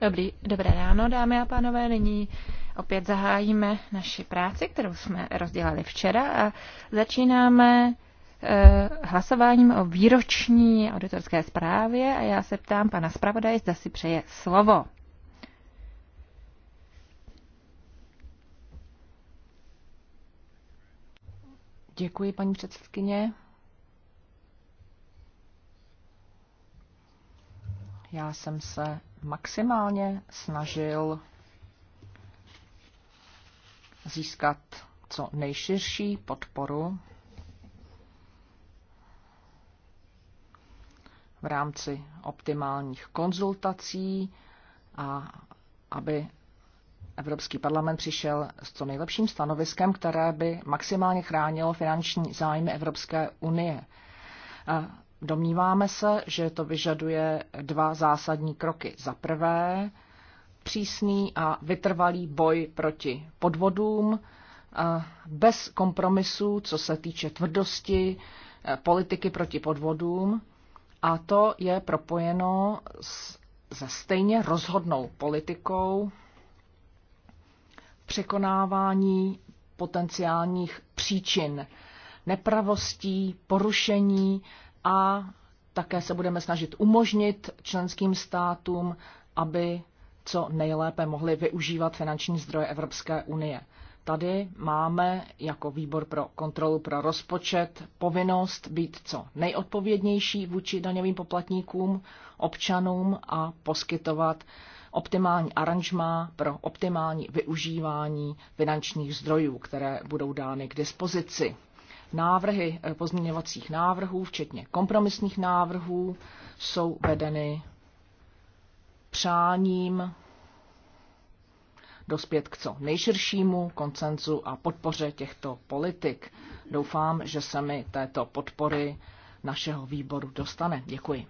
Dobrý, dobré ráno, dámy a pánové. Nyní opět zahájíme naši práci, kterou jsme rozdělali včera a začínáme eh, hlasováním o výroční auditorské zprávě a já se ptám pana zpravodaje, zda si přeje slovo. Děkuji, paní předsedkyně. Já jsem se maximálně snažil získat co nejširší podporu v rámci optimálních konzultací a aby Evropský parlament přišel s co nejlepším stanoviskem, které by maximálně chránilo finanční zájmy Evropské unie. Domníváme se, že to vyžaduje dva zásadní kroky. Za prvé, přísný a vytrvalý boj proti podvodům, bez kompromisů, co se týče tvrdosti, e, politiky proti podvodům. A to je propojeno s, se stejně rozhodnou politikou překonávání potenciálních příčin nepravostí, porušení a také se budeme snažit umožnit členským státům, aby co nejlépe mohli využívat finanční zdroje Evropské unie. Tady máme jako výbor pro kontrolu pro rozpočet povinnost být co nejodpovědnější vůči daňovým poplatníkům, občanům a poskytovat optimální aranžma pro optimální využívání finančních zdrojů, které budou dány k dispozici návrhy eh, pozměňovacích návrhů, včetně kompromisních návrhů, jsou vedeny přáním dospět k co nejširšímu koncenzu a podpoře těchto politik. Doufám, že se mi této podpory našeho výboru dostane. Děkuji.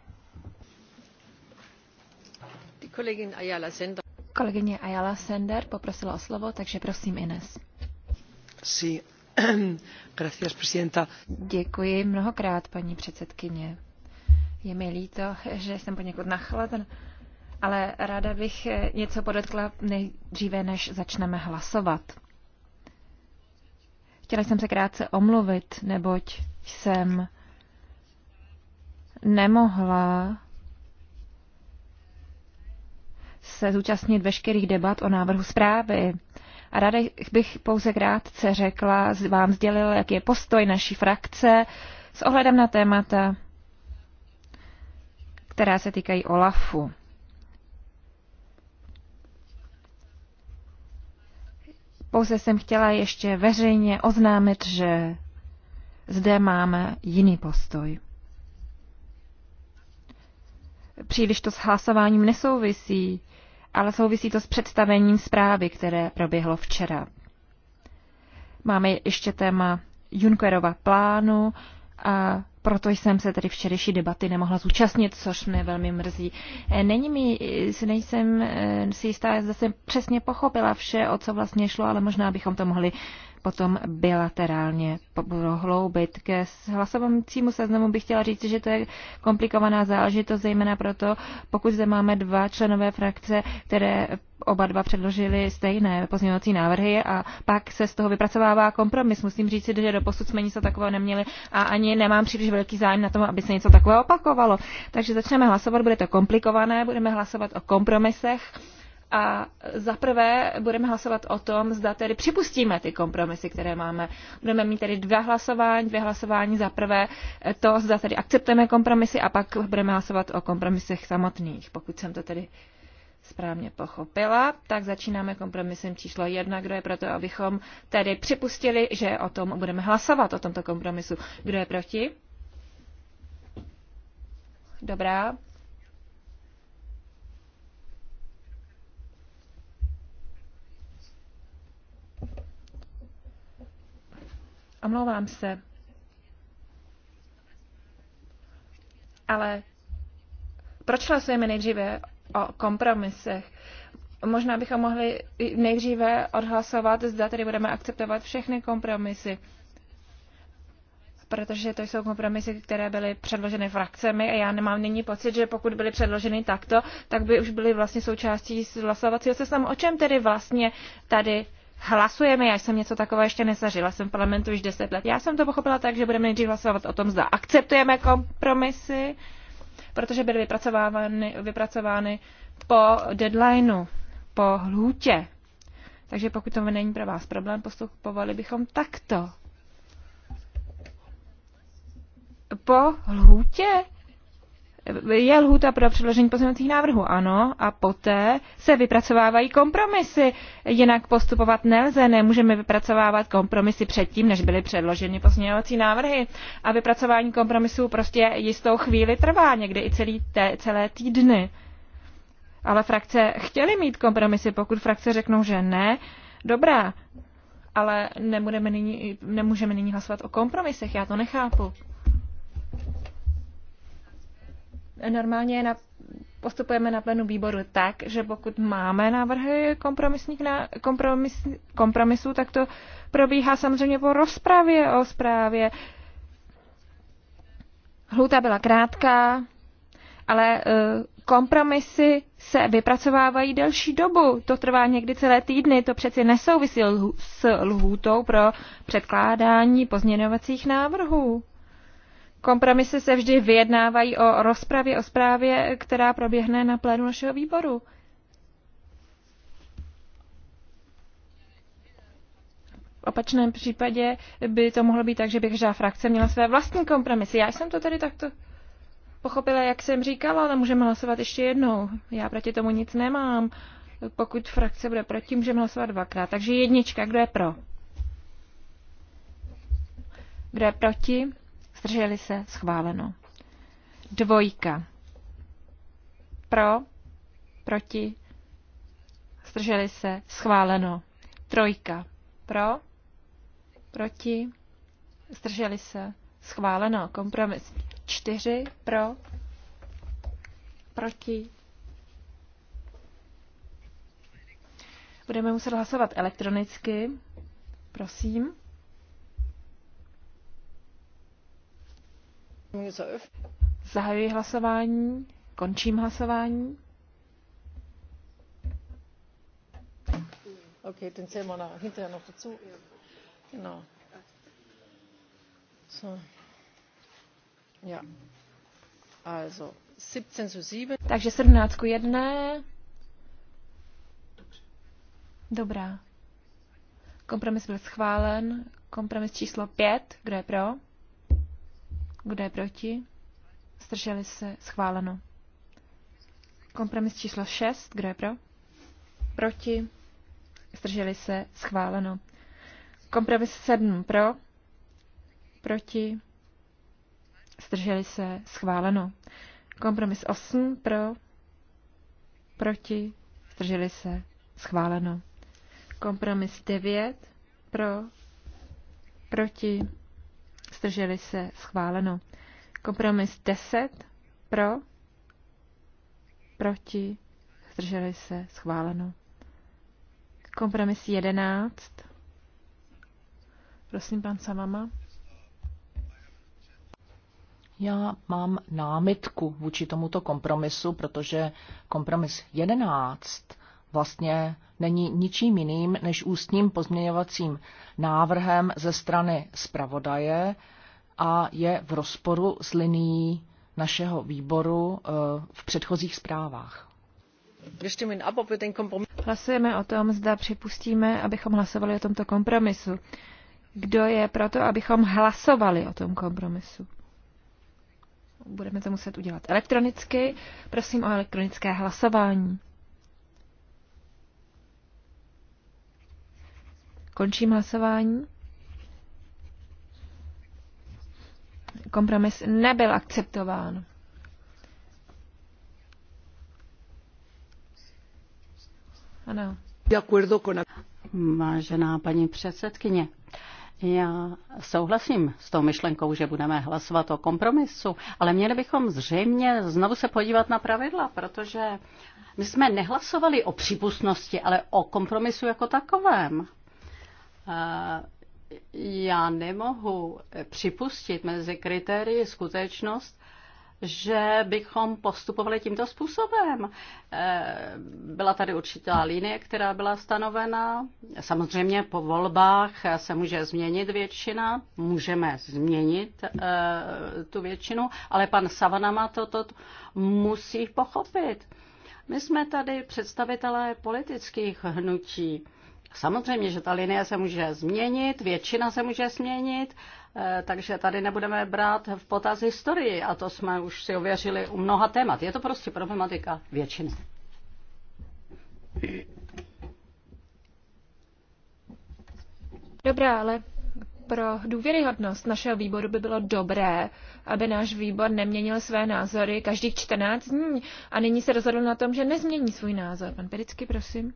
Kolegyně Ayala Sender poprosila o slovo, takže prosím Ines. Děkuji mnohokrát, paní předsedkyně. Je mi líto, že jsem poněkud nachladen, ale ráda bych něco podotkla nejdříve, než začneme hlasovat. Chtěla jsem se krátce omluvit, neboť jsem nemohla se zúčastnit veškerých debat o návrhu zprávy. A ráda bych pouze krátce řekla, vám sdělila, jak je postoj naší frakce s ohledem na témata, která se týkají OLAFu. Pouze jsem chtěla ještě veřejně oznámit, že zde máme jiný postoj. Příliš to s hlasováním nesouvisí ale souvisí to s představením zprávy, které proběhlo včera. Máme ještě téma Junckerova plánu a proto jsem se tedy včerejší debaty nemohla zúčastnit, což mě velmi mrzí. E, není mi, e, nejsem e, si jistá, že jsem přesně pochopila vše, o co vlastně šlo, ale možná bychom to mohli potom bilaterálně prohloubit. Ke hlasovacímu seznamu bych chtěla říct, že to je komplikovaná záležitost, zejména proto, pokud zde máme dva členové frakce, které oba dva předložili stejné pozměňovací návrhy a pak se z toho vypracovává kompromis. Musím říct, že do posud jsme nic takového neměli a ani nemám příliš velký zájem na tom, aby se něco takového opakovalo. Takže začneme hlasovat, bude to komplikované, budeme hlasovat o kompromisech a zaprvé budeme hlasovat o tom, zda tedy připustíme ty kompromisy, které máme. Budeme mít tedy dva hlasování, dvě hlasování. Za prvé to, zda tedy akceptujeme kompromisy a pak budeme hlasovat o kompromisech samotných, pokud jsem to tedy správně pochopila, tak začínáme kompromisem číslo jedna, kdo je proto, abychom tedy připustili, že o tom budeme hlasovat, o tomto kompromisu. Kdo je proti? Dobrá, Omlouvám se. Ale proč hlasujeme nejdříve o kompromisech? Možná bychom mohli nejdříve odhlasovat, zda tedy budeme akceptovat všechny kompromisy protože to jsou kompromisy, které byly předloženy frakcemi a já nemám nyní pocit, že pokud byly předloženy takto, tak by už byly vlastně součástí hlasovacího seznamu. O čem tedy vlastně tady hlasujeme. Já jsem něco takového ještě nezažila, jsem v parlamentu už 10 let. Já jsem to pochopila tak, že budeme nejdřív hlasovat o tom, zda akceptujeme kompromisy, protože byly vypracovány, vypracovány po deadlineu, po hlůtě. Takže pokud to není pro vás problém, postupovali bychom takto. Po lhůtě? je lhůta pro předložení pozměňovacích návrhů, ano, a poté se vypracovávají kompromisy. Jinak postupovat nelze, nemůžeme vypracovávat kompromisy předtím, než byly předloženy pozměňovací návrhy. A vypracování kompromisů prostě jistou chvíli trvá, někdy i celý té, celé týdny. Ale frakce chtěly mít kompromisy, pokud frakce řeknou, že ne, dobrá, ale nemůžeme nyní, nemůžeme nyní hlasovat o kompromisech, já to nechápu. normálně na, postupujeme na plenu výboru tak, že pokud máme návrhy kompromisních na, kompromis, kompromisů, tak to probíhá samozřejmě po rozpravě o zprávě. Hluta byla krátká, ale eh, kompromisy se vypracovávají delší dobu. To trvá někdy celé týdny. To přeci nesouvisí lhu, s lhůtou pro předkládání pozměňovacích návrhů. Kompromisy se vždy vyjednávají o rozpravě, o zprávě, která proběhne na plénu našeho výboru. V opačném případě by to mohlo být tak, že bych žádná frakce měla své vlastní kompromisy. Já jsem to tady takto pochopila, jak jsem říkala, ale můžeme hlasovat ještě jednou. Já proti tomu nic nemám. Pokud frakce bude proti, můžeme hlasovat dvakrát. Takže jednička, kdo je pro? Kdo je proti? zdrželi se, schváleno. Dvojka. Pro, proti, zdrželi se, schváleno. Trojka. Pro, proti, zdrželi se, schváleno. Kompromis. Čtyři, pro, proti. Budeme muset hlasovat elektronicky. Prosím. Zahajuji hlasování, končím hlasování. Okay, ten zählen wir hinterher noch dazu. Genau. So. Ja. Also 17 zu 7. Takže 17 ku 1. Dobrá. Kompromis byl schválen. Kompromis číslo 5. Kdo je pro? Kdo je proti? Zdrželi se? Schváleno. Kompromis číslo 6. Kdo je pro? Proti? Zdrželi se? Schváleno. Kompromis 7. Pro? Proti? Zdrželi se? Schváleno. Kompromis 8. Pro? Proti? Zdrželi se? Schváleno. Kompromis 9. Pro? Proti? zdrželi se, schváleno. Kompromis 10 pro, proti, zdrželi se, schváleno. Kompromis 11. Prosím, pan Samama. Já mám námitku vůči tomuto kompromisu, protože kompromis 11 vlastně není ničím jiným než ústním pozměňovacím návrhem ze strany zpravodaje, a je v rozporu s linií našeho výboru eh, v předchozích zprávách. Hlasujeme o tom, zda připustíme, abychom hlasovali o tomto kompromisu. Kdo je proto, abychom hlasovali o tom kompromisu? Budeme to muset udělat elektronicky. Prosím o elektronické hlasování. Končím hlasování. kompromis nebyl akceptován. Ano. Vážená paní předsedkyně, já souhlasím s tou myšlenkou, že budeme hlasovat o kompromisu, ale měli bychom zřejmě znovu se podívat na pravidla, protože my jsme nehlasovali o přípustnosti, ale o kompromisu jako takovém. Eh, já nemohu připustit mezi kritérii skutečnost, že bychom postupovali tímto způsobem. Eh, byla tady určitá linie, která byla stanovena. Samozřejmě po volbách se může změnit většina, můžeme změnit eh, tu většinu, ale pan Savanama toto musí pochopit. My jsme tady představitelé politických hnutí. Samozřejmě, že ta linie se může změnit, většina se může změnit, eh, takže tady nebudeme brát v potaz historii a to jsme už si ověřili u mnoha témat. Je to prostě problematika většiny. Dobrá, ale pro důvěryhodnost našeho výboru by bylo dobré, aby náš výbor neměnil své názory každých 14 dní a nyní se rozhodl na tom, že nezmění svůj názor. Pan Pericky, prosím.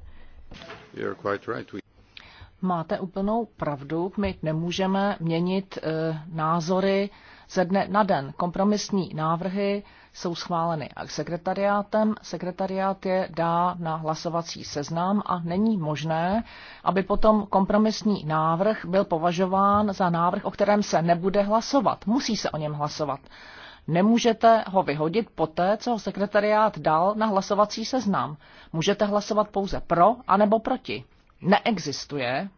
Máte úplnou pravdu, my nemůžeme měnit eh, názory ze dne na den. Kompromisní návrhy jsou schváleny a sekretariátem. Sekretariát je dá na hlasovací seznam a není možné, aby potom kompromisní návrh byl považován za návrh, o kterém se nebude hlasovat. Musí se o něm hlasovat. Nemůžete ho vyhodit poté, co ho sekretariát dal na hlasovací seznam. Můžete hlasovat pouze pro anebo proti. Neexistuje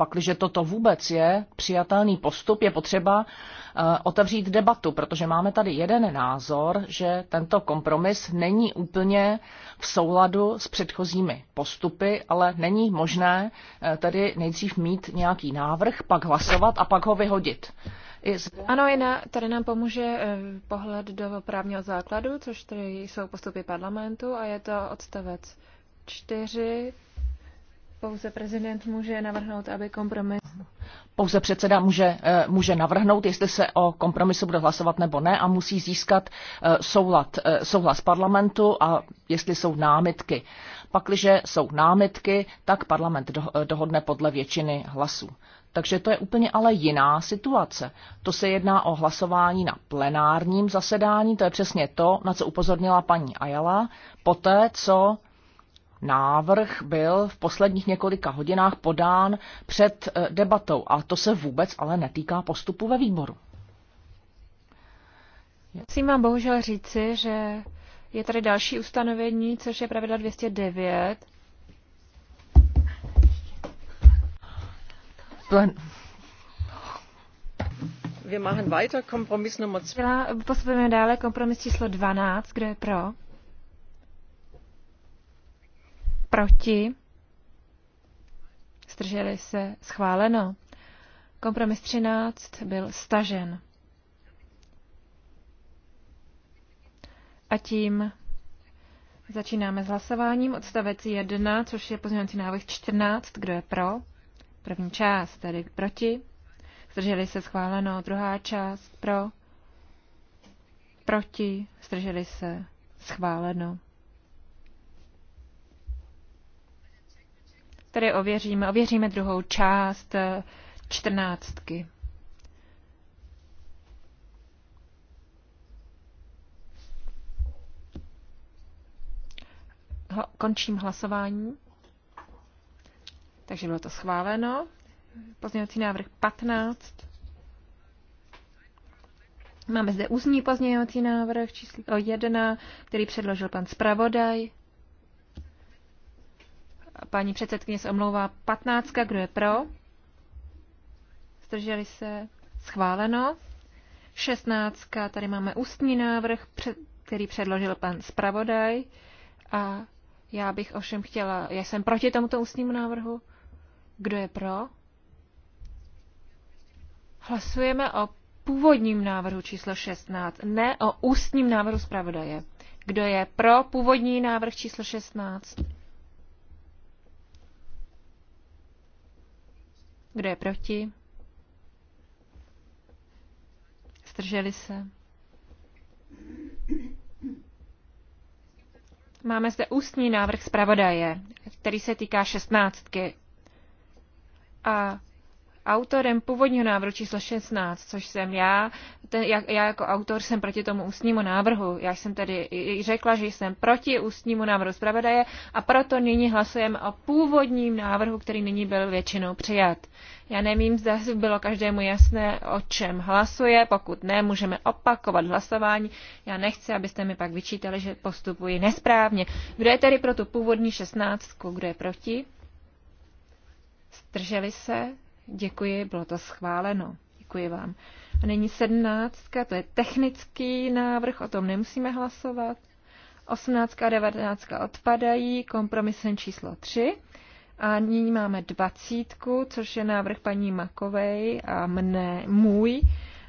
pakliže toto vůbec je přijatelný postup, je potřeba eh, otevřít debatu, protože máme tady jeden názor, že tento kompromis není úplně v souladu s předchozími postupy, ale není možné eh, tedy nejdřív mít nějaký návrh, pak hlasovat a pak ho vyhodit. Ano, jiná, tady nám pomůže eh, pohled do právního základu, což tady jsou postupy parlamentu a je to odstavec 4, pouze prezident může navrhnout, aby kompromis. Pouze předseda může, eh, může navrhnout, jestli se o kompromisu bude hlasovat nebo ne a musí získat eh, soulad, eh, souhlas parlamentu a jestli jsou námitky. Pakliže jsou námitky, tak parlament dohodne podle většiny hlasů. Takže to je úplně ale jiná situace. To se jedná o hlasování na plenárním zasedání, to je přesně to, na co upozornila paní Ayala, poté co návrh byl v posledních několika hodinách podán před eh, debatou a to se vůbec ale netýká postupu ve výboru. Musím vám bohužel říci, že je tady další ustanovení, což je pravidla 209. Plen... Wir machen weiter, Kompromiss Nummer 2. Postupujeme dále, kompromis číslo 12, kdo je pro? Proti? Zdrželi se? Schváleno. Kompromis 13 byl stažen. A tím začínáme s hlasováním. Odstavec 1, což je pozměňovací návrh 14. Kdo je pro? První část, tedy proti. Zdrželi se schváleno. Druhá část pro. Proti. Zdrželi se schváleno. Které ověříme, ověříme druhou část eh, čtrnáctky. končím hlasování. Takže bylo to schváleno. Pozměňovací návrh 15. Máme zde ústní pozměňovací návrh číslo 1, který předložil pan zpravodaj. Paní předsedkyně se omlouvá 15. Kdo je pro? Zdrželi se? Schváleno. 16. Tady máme ústní návrh, který předložil pan zpravodaj. A já bych ovšem chtěla, já jsem proti tomuto ústnímu návrhu. Kdo je pro? Hlasujeme o původním návrhu číslo 16, ne o ústním návrhu zpravodaje. Kdo je pro původní návrh číslo 16? Kdo je proti? Zdrželi se? Máme zde ústní návrh zpravodaje, který se týká šestnáctky. A Autorem původního návrhu číslo 16, což jsem já, ten, jak, já jako autor jsem proti tomu ústnímu návrhu. Já jsem tedy řekla, že jsem proti ústnímu návrhu zpravodaje a proto nyní hlasujeme o původním návrhu, který nyní byl většinou přijat. Já nevím, zda bylo každému jasné, o čem hlasuje. Pokud ne, můžeme opakovat hlasování. Já nechci, abyste mi pak vyčítali, že postupuji nesprávně. Kdo je tedy pro tu původní šestnáctku? Kdo je proti? Zdrželi se? Děkuji, bylo to schváleno. Děkuji vám. A nyní sedmnáctka, to je technický návrh, o tom nemusíme hlasovat. 18 a 19 odpadají, kompromisem číslo tři. A nyní máme 20, což je návrh paní Makovej a mne, můj.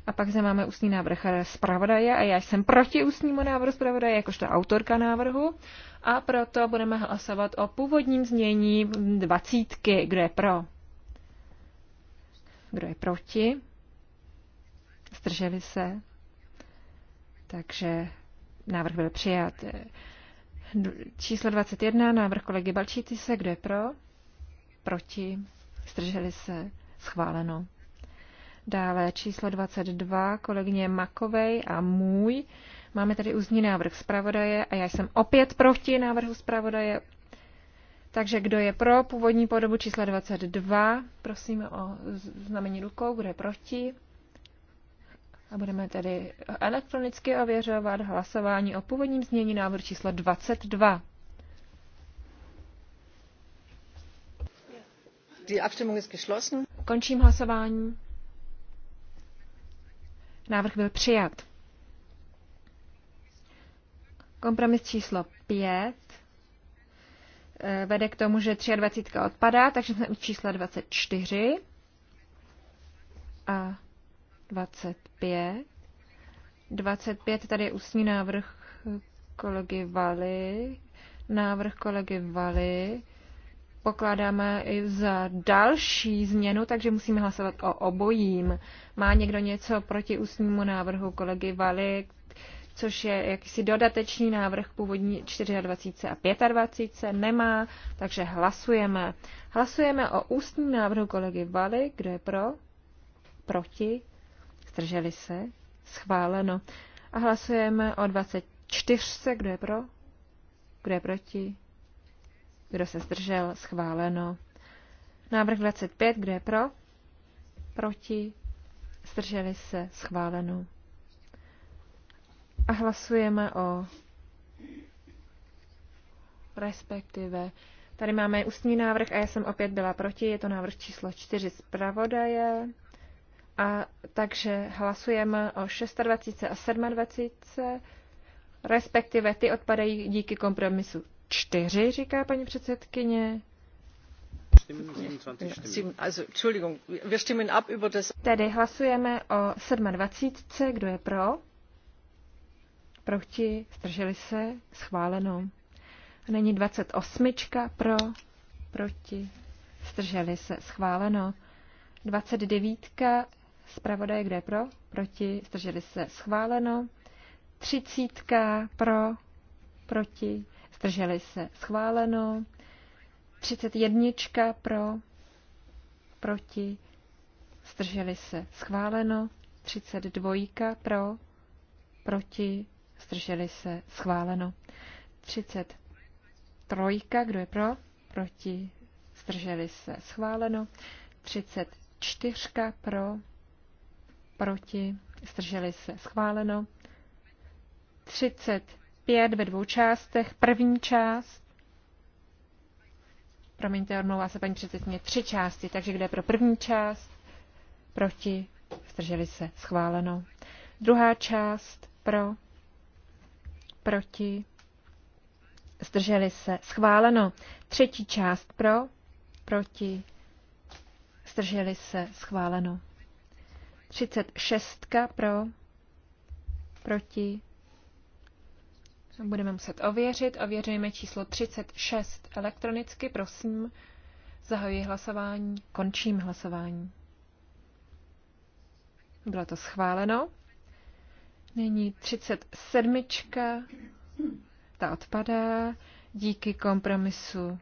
A pak zde máme ústní návrh zpravodaje a já jsem proti ústnímu návrhu zpravodaje, jakožto autorka návrhu. A proto budeme hlasovat o původním znění dvacítky, kde je pro. Kdo je proti? Zdrželi se? Takže návrh byl přijat. Číslo 21, návrh kolegy se, Kdo je pro? Proti? Zdrželi se? Schváleno. Dále číslo 22, kolegyně Makovej a můj. Máme tady úzní návrh zpravodaje a já jsem opět proti návrhu zpravodaje. Takže kdo je pro původní podobu čísla 22, prosím o znamení rukou, kdo je proti. A budeme tedy elektronicky ověřovat hlasování o původním změní návrhu číslo 22. Die Abstimmung ist geschlossen. Končím hlasování. Návrh byl přijat. Kompromis číslo 5. Eh, vede k tomu, že 23 odpadá, takže jsme u čísla 24 a 25. 25 tady je ústní návrh kolegy Vali. Návrh kolegy Vali pokládáme i za další změnu, takže musíme hlasovat o obojím. Má někdo něco proti ústnímu návrhu kolegy Vali, což je jakýsi dodatečný návrh k původní 24 a 25 nemá, takže hlasujeme. Hlasujeme o ústním návrhu kolegy Vali, kdo je pro, proti, zdrželi se, schváleno. A hlasujeme o 24, kdo je pro, kdo je proti, kdo se zdržel, schváleno. Návrh 25, kdo je pro, proti, zdrželi se, schváleno. A hlasujeme o respektive. Tady máme ústní návrh a já jsem opět byla proti. Je to návrh číslo 4 zpravodaje. A takže hlasujeme o 26 a 27, respektive ty odpadají díky kompromisu 4, říká paní předsedkyně. Tedy hlasujeme o 27, kdo je pro? proti, zdrželi se, schváleno. není 28 pro, proti, zdrželi se, schváleno. 29 zpravodaje, kde pro, proti, zdrželi se, schváleno. 30 pro, proti, zdrželi se, schváleno. 31 pro, proti, zdrželi se, schváleno. 32 pro, proti, zdrželi se, schváleno. 33, kdo je pro, proti, zdrželi se, schváleno. 34 pro, proti, zdrželi se, schváleno. 35 ve dvou částech, první část, promiňte, odmlouvá se paní předsedkyně, tři části, takže kde je pro první část, proti, zdrželi se, schváleno. Druhá část, pro, proti, zdrželi se, schváleno. Třetí část pro, proti, zdrželi se, schváleno. 36 pro, proti, budeme muset ověřit, ověřujeme číslo 36 elektronicky, prosím, zahajuji hlasování, končím hlasování. Bylo to schváleno. Nyní 37. Ta odpadá díky kompromisu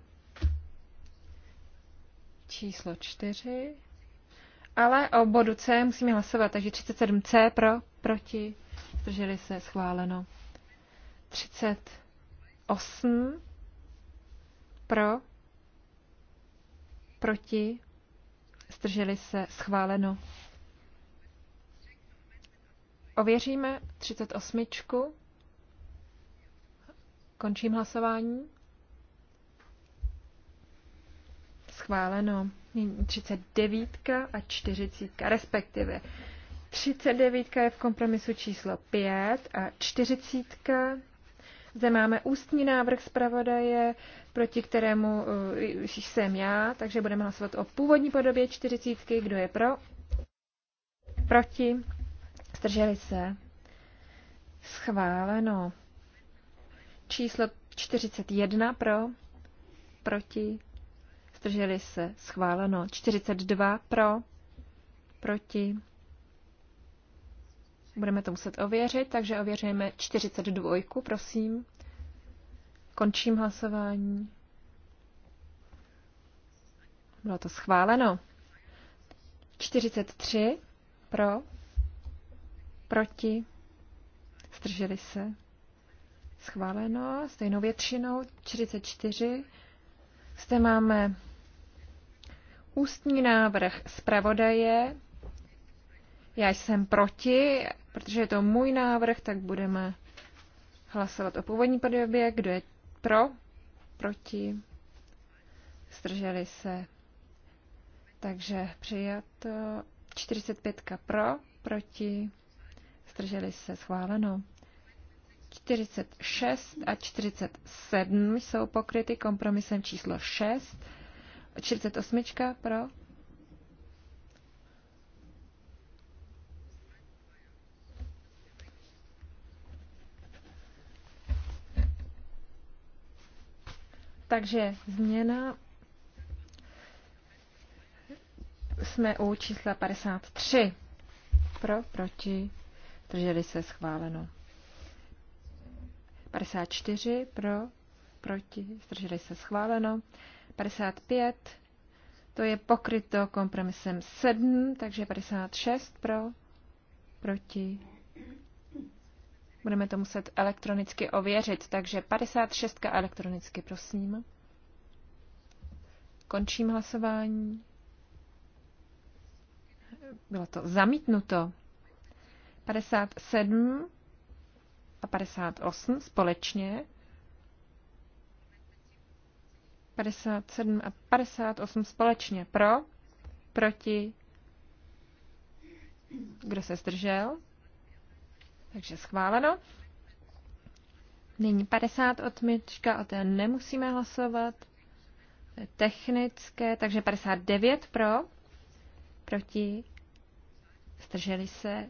číslo 4. Ale o bodu C musíme hlasovat, takže 37C pro, proti, zdrželi se, schváleno. 38 pro, proti, zdrželi se, schváleno. Ověříme 38. Končím hlasování. Schváleno. 39 a 40, respektive 39 je v kompromisu číslo 5 a 40. Zde máme ústní návrh zpravodaje, proti kterému eh, jsem já, takže budeme hlasovat o původní podobě 40. Kdo je pro? Proti? Zdrželi se? Schváleno. Číslo 41 pro, proti, zdrželi se, schváleno. 42 pro, proti. Budeme to muset ověřit, takže ověřujeme 42, prosím. Končím hlasování. Bylo to schváleno. 43 pro, proti, zdrželi se, schváleno, stejnou většinou, 44. Zde máme ústní návrh zpravodaje. Já jsem proti, protože je to můj návrh, tak budeme hlasovat o původní podobě. Kdo je pro? Proti? Zdrželi se. Takže přijato 45 pro, proti, zdrželi se schváleno. 46 a 47 jsou pokryty kompromisem číslo 6. 48 pro. Takže změna jsme u čísla 53. Pro, proti, Drželi se schváleno. 54 pro, proti, zdrželi se schváleno. 55, to je pokryto kompromisem 7, takže 56 pro, proti. Budeme to muset elektronicky ověřit, takže 56 elektronicky, prosím. Končím hlasování. Bylo to zamítnuto. 57 a 58 společně. 57 a 58 společně pro, proti, kdo se zdržel. Takže schváleno. Nyní 50 odmyčka, o té nemusíme hlasovat. To je technické, takže 59 pro, proti, zdrželi se,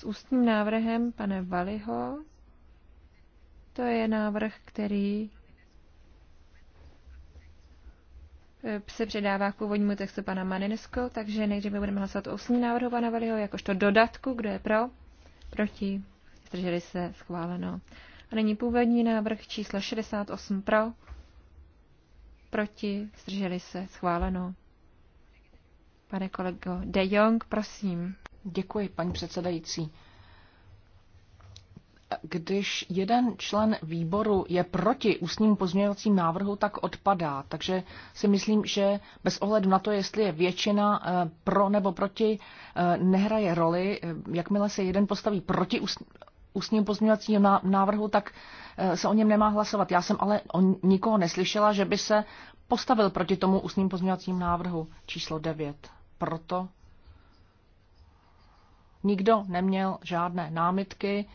s ústním návrhem pana Valiho. To je návrh, který eh, se předává k původnímu textu pana Maninesko, takže nejdříve budeme hlasovat o ústním návrhu pana Valiho, jakožto dodatku, kdo je pro, proti, zdrželi se, schváleno. A nyní původní návrh číslo 68 pro, proti, zdrželi se, schváleno. Pane kolego De Jong, prosím. Děkuji, paní předsedající. Když jeden člen výboru je proti ústním pozměňovacím návrhu, tak odpadá. Takže si myslím, že bez ohledu na to, jestli je většina eh, pro nebo proti, eh, nehraje roli. Eh, jakmile se jeden postaví proti ústním pozměňovacím návrhu, tak se o něm nemá hlasovat. Já jsem ale o nikoho neslyšela, že by se postavil proti tomu ústním pozměňovacím návrhu číslo 9. Proto Nikdo neměl žádné námitky.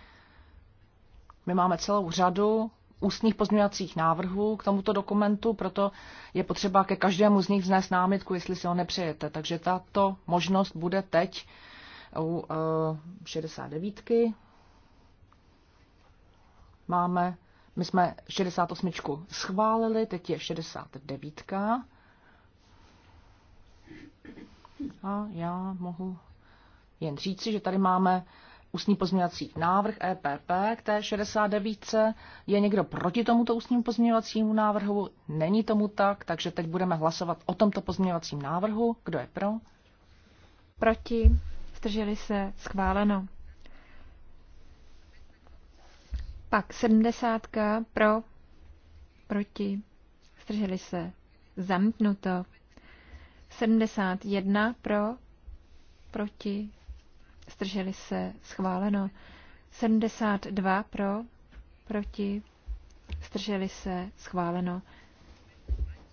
My máme celou řadu ústních pozměňovacích návrhů k tomuto dokumentu, proto je potřeba ke každému z nich vznést námitku, jestli si ho nepřejete. Takže tato možnost bude teď u 69. Eh, -ky. Máme, my jsme 68. schválili, teď je 69. A já mohu jen říci, že tady máme ústní pozměňovací návrh EPP k té 69. Je někdo proti tomuto ústnímu pozměňovacímu návrhu? Není tomu tak, takže teď budeme hlasovat o tomto pozměňovacím návrhu. Kdo je pro? Proti. Zdrželi se. Schváleno. Pak 70. Pro. Proti. Zdrželi se. Zamknuto. 71 pro, proti, zdrželi se, schváleno. 72 pro, proti, zdrželi se, schváleno.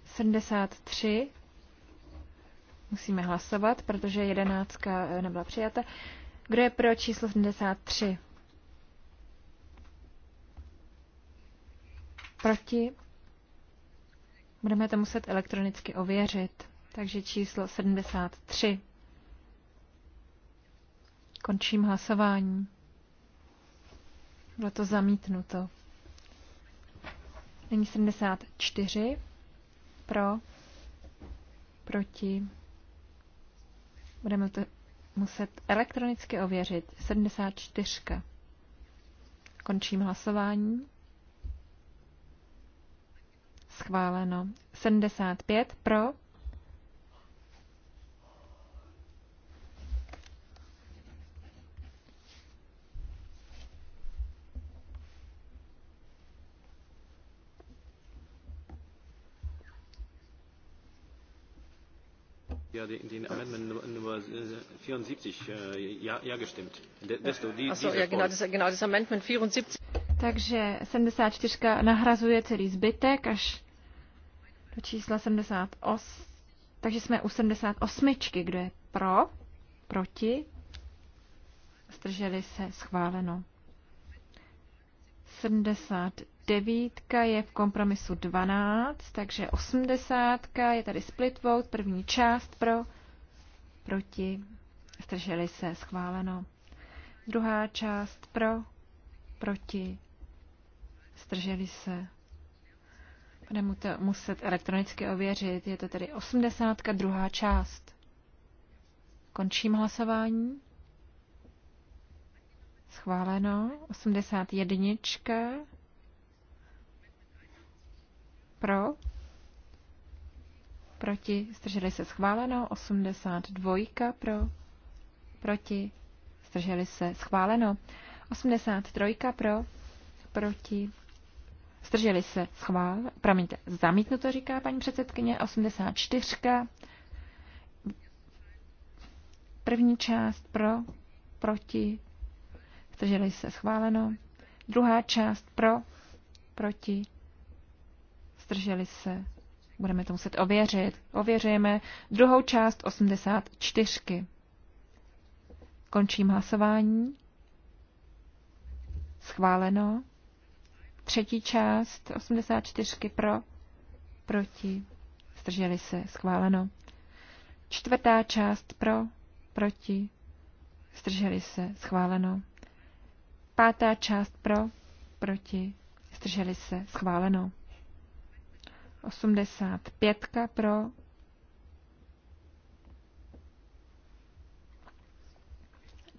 73 musíme hlasovat, protože jedenáctka eh, nebyla přijata. Kdo je pro číslo 73? Proti? Budeme to muset elektronicky ověřit. Takže číslo 73. Končím hlasování. Bylo to zamítnuto. Není 74 pro, proti. Budeme to muset elektronicky ověřit. 74. Končím hlasování. Schváleno. 75 pro, ja den, den Amendment Nummer 74 äh, äh, ja, ja gestimmt. die, Ach ja, genau, das, genau, das Amendment 74. Takže 74 nahrazuje celý zbytek až do čísla 78. Takže jsme u 78. Kdo je pro? Proti? Zdrželi se schváleno. 70 devítka je v kompromisu 12, takže osmdesátka je tady split vote, první část pro, proti, strželi se, schváleno. Druhá část pro, proti, strželi se. Budeme to muset elektronicky ověřit, je to tedy osmdesátka, druhá část. Končím hlasování. Schváleno. 81 pro, proti, zdrželi se schváleno, 82 pro, proti, zdrželi se schváleno, 83 pro, proti, zdrželi se schvál, promiňte, to, říká paní předsedkyně, 84 první část pro, proti, zdrželi se schváleno, druhá část pro, proti, Zdrželi se. Budeme to muset ověřit. Ověřujeme druhou část 84. Končím hlasování. Schváleno. Třetí část 84 pro, proti, zdrželi se, schváleno. Čtvrtá část pro, proti, zdrželi se, schváleno. Pátá část pro, proti, zdrželi se, schváleno. 85 pro,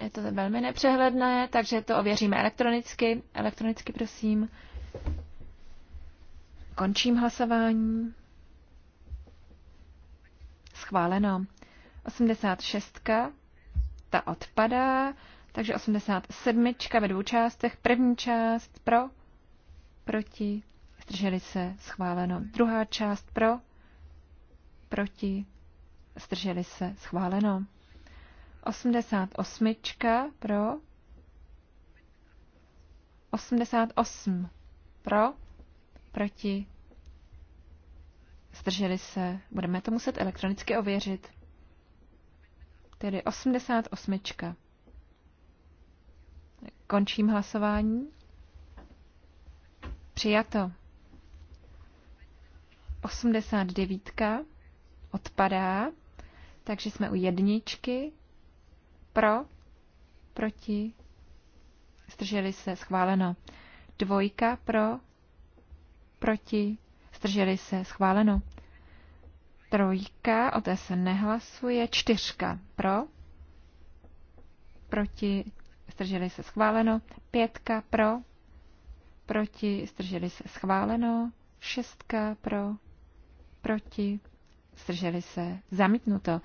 je to velmi nepřehledné, takže to ověříme elektronicky. Elektronicky, prosím. Končím hlasování. Schváleno. 86. Ta odpadá, takže 87. ve dvou částech. První část pro, proti, zdrželi se, schváleno. Druhá část pro, proti, zdrželi se, schváleno. 88 pro, 88 pro, proti, zdrželi se, budeme to muset elektronicky ověřit. Tedy 88. Končím hlasování. Přijato. 89 odpadá, takže jsme u jedničky. Pro, proti, zdrželi se, schváleno. Dvojka pro, proti, zdrželi se, schváleno. Trojka, o té se nehlasuje. Čtyřka pro, proti, zdrželi se, schváleno. Pětka pro, proti, zdrželi se, schváleno. Šestka pro, proti, zdrželi se, zamítnuto.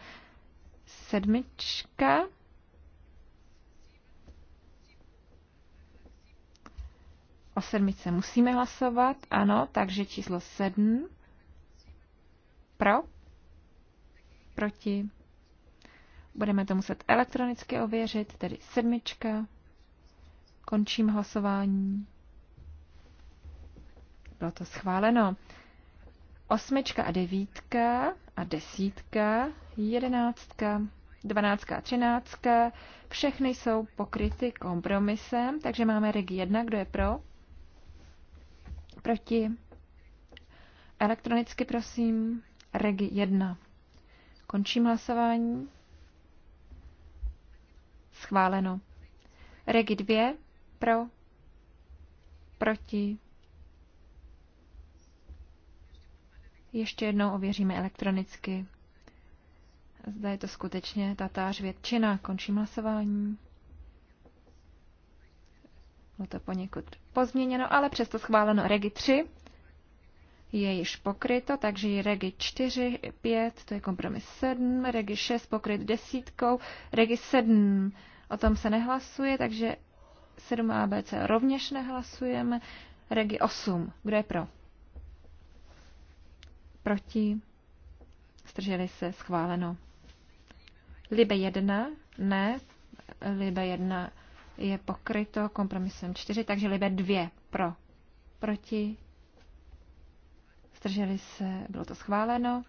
Sedmička, O sedmice musíme hlasovat, ano, takže číslo sedm. Pro? Proti? Budeme to muset elektronicky ověřit, tedy sedmička. Končím hlasování. Bylo to schváleno osmička a devítka a desítka, jedenáctka, dvanáctka a třináctka, všechny jsou pokryty kompromisem, takže máme regi 1, kdo je pro, proti, elektronicky prosím, regi 1. Končím hlasování. Schváleno. Regi 2 pro, proti, Ještě jednou ověříme elektronicky. Zda je to skutečně tatář většina. Končím hlasování. Bylo to poněkud pozměněno, ale přesto schváleno Regi 3. Je již pokryto, takže je Regi 4, 5, to je kompromis 7, Regi 6 pokryt desítkou, Regi 7 o tom se nehlasuje, takže 7 ABC rovněž nehlasujeme, Regi 8, kdo je pro? Proti? Zdrželi se? Schváleno. Libe 1? Ne. Libe 1 je pokryto kompromisem 4, takže Libe 2 pro. Proti? Zdrželi se? Bylo to schváleno.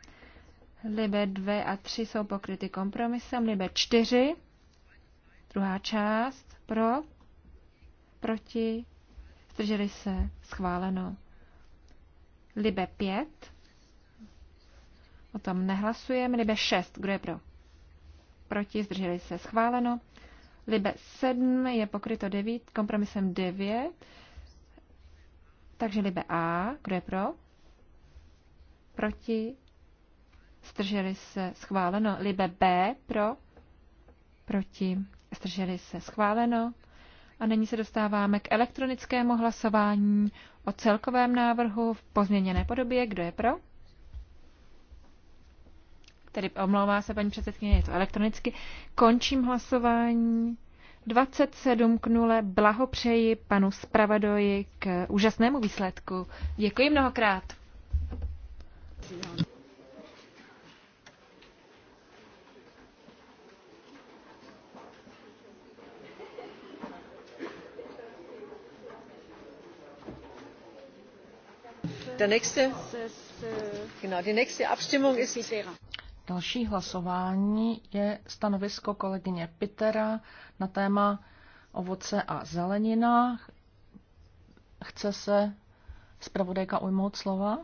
Libe 2 a 3 jsou pokryty kompromisem. Libe 4, druhá část, pro, proti, zdrželi se, schváleno. Libe 5, O tom nehlasujeme. Libe 6, kdo je pro? Proti, zdrželi se, schváleno. Libe 7 je pokryto 9, kompromisem 9. Takže libe A, kdo je pro? Proti, zdrželi se, schváleno. Libe B, pro? Proti, zdrželi se, schváleno. A nyní se dostáváme k elektronickému hlasování o celkovém návrhu v pozměněné podobě. Kdo je pro? tedy omlouvá se paní předsedkyně, je to elektronicky. Končím hlasování. 27 k 0. Blahopřeji panu Spravadoji k úžasnému výsledku. Děkuji mnohokrát. Der nächste, genau, die nächste Abstimmung ist Další hlasování je stanovisko kolegyně Pitera na téma ovoce a zelenina. Chce se zpravodajka ujmout slova?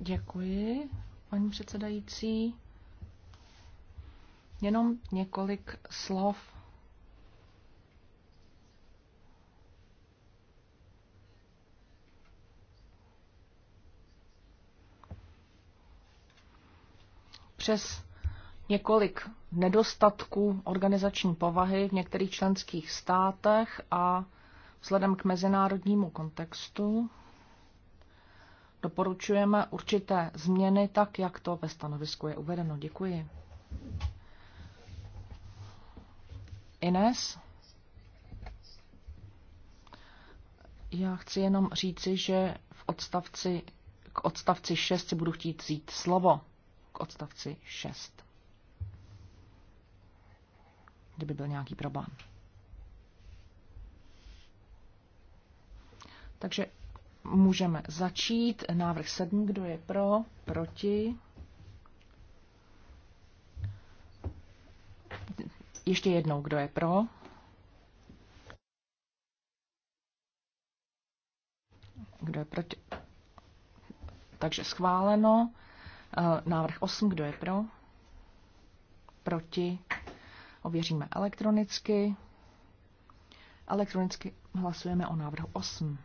Děkuji, paní předsedající. Jenom několik slov přes několik nedostatků organizační povahy v některých členských státech a vzhledem k mezinárodnímu kontextu doporučujeme určité změny tak, jak to ve stanovisku je uvedeno. Děkuji. Ines? Já chci jenom říci, že v odstavci, k odstavci 6 si budu chtít vzít slovo odstavci 6. Kdyby byl nějaký problém. Takže můžeme začít. Návrh 7, kdo je pro, proti. Ještě jednou, kdo je pro. Kdo je proti. Takže schváleno. Eh, návrh 8, kdo je pro? Proti? Ověříme elektronicky. Elektronicky hlasujeme o návrhu 8.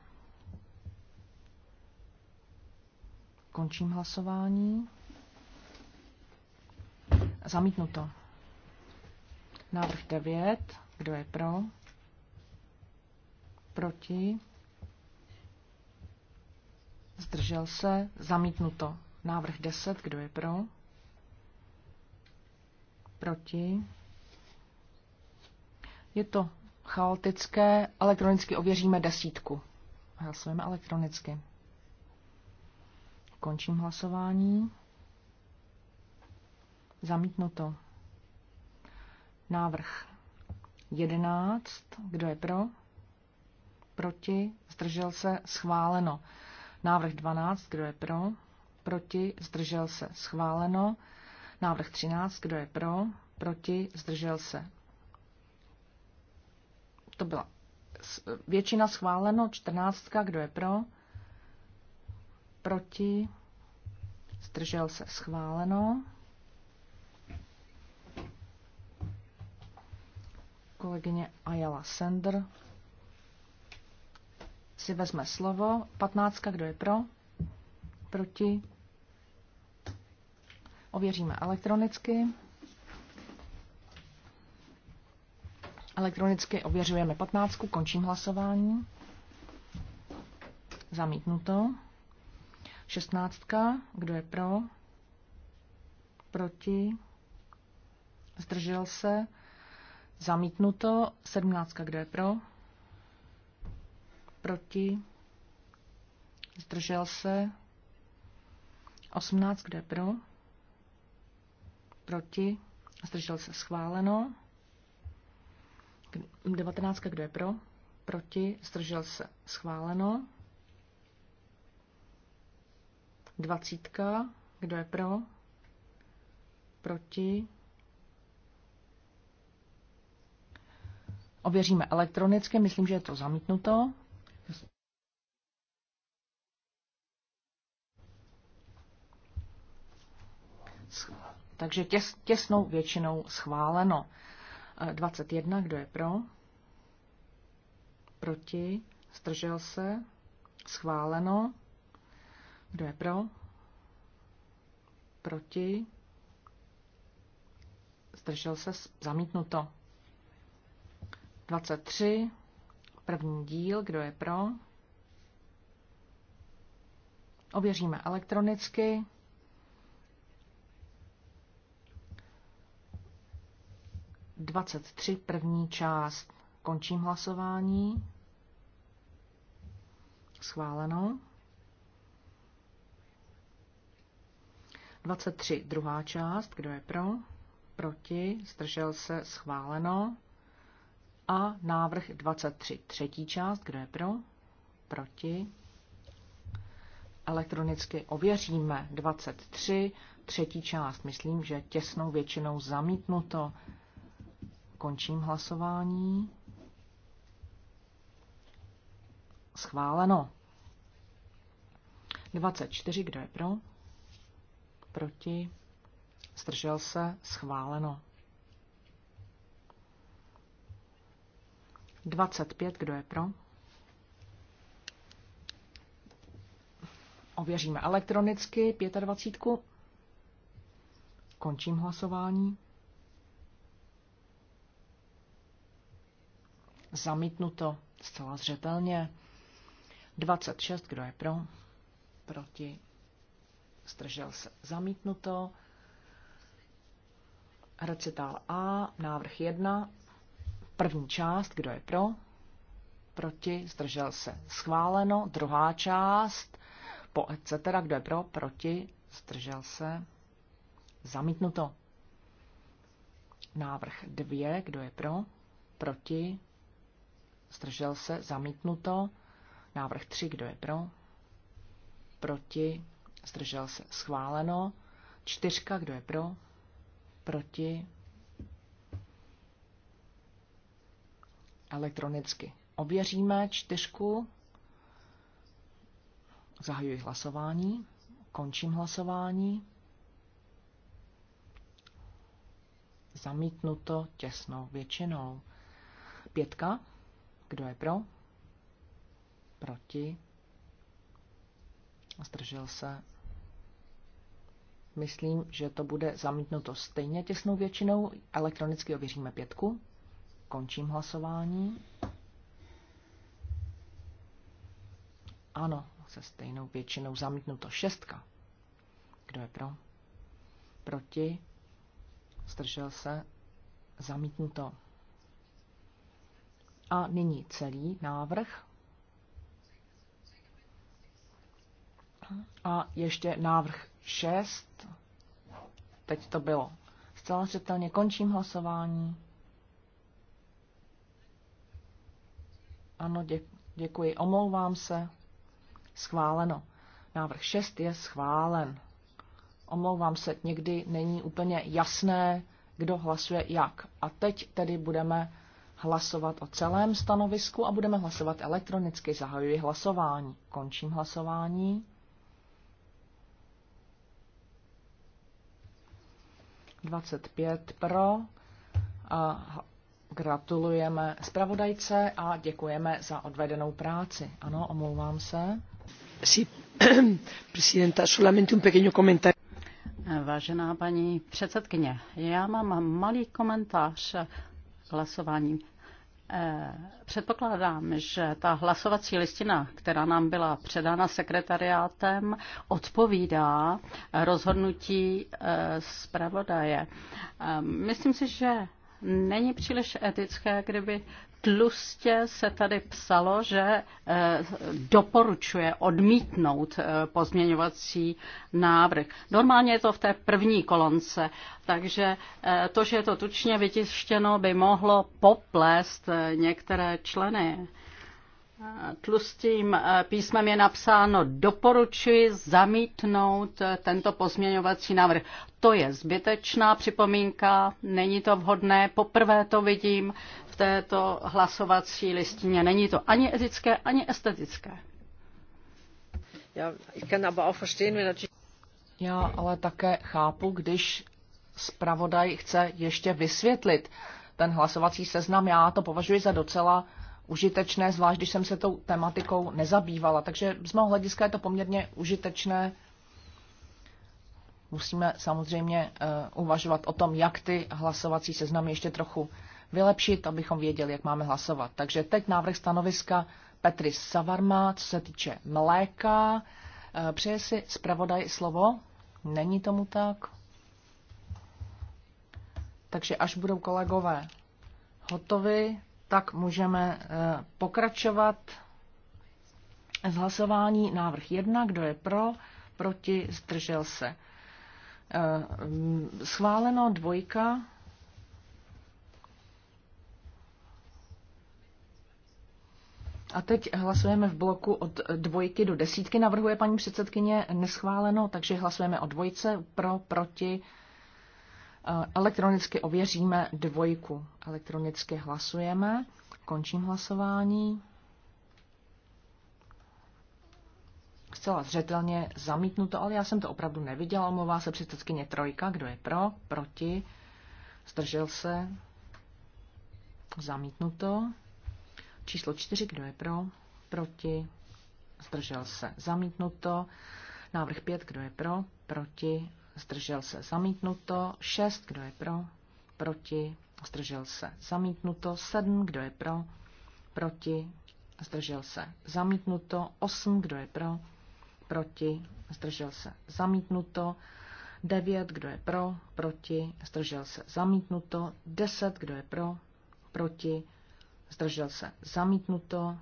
Končím hlasování. Zamítnuto. Návrh 9. Kdo je pro? Proti? Zdržel se? Zamítnuto. Návrh 10, kdo je pro? Proti? Je to chaotické, elektronicky ověříme desítku. Hlasujeme elektronicky. Končím hlasování. Zamítnuto. Návrh 11. Kdo je pro? Proti? Zdržel se? Schváleno. Návrh 12. Kdo je pro? proti, zdržel se, schváleno. Návrh 13, kdo je pro, proti, zdržel se. To byla většina schváleno, 14, kdo je pro, proti, zdržel se, schváleno. Kolegyně Ayala Sender si vezme slovo. 15, kdo je pro, proti, Ověříme elektronicky. Elektronicky ověřujeme 15. Končím hlasování. Zamítnuto. 16. Kdo je pro? Proti? Zdržel se? Zamítnuto. 17. Kdo je pro? Proti? Zdržel se? 18. Kdo je pro? Proti? Zdržel se schváleno. 19. Kdo je pro? Proti? Zdržel se schváleno. 20. Kdo je pro? Proti? Ověříme elektronicky, myslím, že je to zamítnuto. Takže těs, těsnou většinou schváleno. 21, eh, kdo je pro? Proti? Zdržel se? Schváleno. Kdo je pro? Proti? Zdržel se? Zamítnuto. 23. První díl. Kdo je pro? Ověříme elektronicky. 23, první část. Končím hlasování. Schváleno. 23, druhá část. Kdo je pro? Proti? Zdržel se? Schváleno. A návrh 23, třetí část. Kdo je pro? Proti? Elektronicky ověříme 23, třetí část. Myslím, že těsnou většinou zamítnuto. Končím hlasování. Schváleno. 24, kdo je pro? Proti? Zdržel se? Schváleno. 25, kdo je pro? Ověříme elektronicky 25. Končím hlasování. Zamítnuto zcela zřetelně. 26, kdo je pro? Proti. Zdržel se. Zamítnuto. Recital A, návrh 1, první část, kdo je pro? Proti. Zdržel se. Schváleno. Druhá část, po etc. Kdo je pro? Proti. Zdržel se. Zamítnuto. Návrh 2, kdo je pro? Proti. Zdržel se? Zamítnuto. Návrh 3. Kdo je pro? Proti? Zdržel se? Schváleno. Čtyřka. Kdo je pro? Proti? Elektronicky. Ověříme čtyřku. Zahajuji hlasování. Končím hlasování. Zamítnuto těsnou většinou. Pětka. Kdo je pro? Proti? Zdržel se. Myslím, že to bude zamítnuto stejně těsnou většinou. Elektronicky ověříme pětku. Končím hlasování. Ano, se stejnou většinou zamítnuto šestka. Kdo je pro? Proti? Zdržel se? Zamítnuto a nyní celý návrh. A ještě návrh 6. Teď to bylo zcela zřetelně. Končím hlasování. Ano, děkuji. Omlouvám se. Schváleno. Návrh 6 je schválen. Omlouvám se, někdy není úplně jasné, kdo hlasuje jak. A teď tedy budeme hlasovat o celém stanovisku a budeme hlasovat elektronicky. Zahajuji hlasování. Končím hlasování. 25 pro. A gratulujeme zpravodajce a děkujeme za odvedenou práci. Ano, omlouvám se. Sí, prezidenta, solamente un pequeño comentario. Vážená paní předsedkyně, já mám malý komentář hlasování. Eh, předpokládám, že ta hlasovací listina, která nám byla předána sekretariátem, odpovídá rozhodnutí eh, zpravodaje. Eh, myslím si, že není příliš etické, kdyby tlustě se tady psalo, že eh, doporučuje odmítnout eh, pozměňovací návrh. Normálně je to v té první kolonce, takže eh, to, že je to tučně vytištěno, by mohlo poplést některé členy Tlustým eh, písmem je napsáno doporučuji zamítnout eh, tento pozměňovací návrh. To je zbytečná připomínka, není to vhodné, poprvé to vidím v této hlasovací listině. Není to ani etické, ani estetické. Já ale také chápu, když zpravodaj chce ještě vysvětlit ten hlasovací seznam. Já to považuji za docela uh, užitečné, zvlášť když jsem se tou tematikou nezabývala. Takže z mého hlediska je to poměrně užitečné. Musíme samozřejmě eh, uvažovat o tom, jak ty hlasovací seznamy ještě trochu vylepšit, abychom věděli, jak máme hlasovat. Takže teď návrh stanoviska Petry Savarma, co se týče mléka. Eh, přeje si zpravodaj slovo? Není tomu tak. Takže až budou kolegové hotovi, tak můžeme eh, pokračovat z hlasování. Návrh 1, kdo je pro, proti, zdržel se. Eh, schváleno dvojka. A teď hlasujeme v bloku od dvojky do desítky. Navrhuje paní předsedkyně neschváleno, takže hlasujeme o dvojce pro, proti, Eh, elektronicky ověříme dvojku. Elektronicky hlasujeme. Končím hlasování. Zcela zřetelně zamítnuto, ale já jsem to opravdu neviděla. Omlouvá se předsedkyně trojka. Kdo je pro? Proti? Zdržel se? Zamítnuto. Číslo čtyři. Kdo je pro? Proti? Zdržel se? Zamítnuto. Návrh pět. Kdo je pro? Proti? zdržel se zamítnuto, 6, kdo je pro, proti, zdržel se zamítnuto, 7, kdo je pro, proti, zdržel se zamítnuto, 8, kdo je pro, proti, zdržel se zamítnuto, 9, kdo je pro, proti, zdržel se zamítnuto, 10, kdo je pro, proti, zdržel se zamítnuto,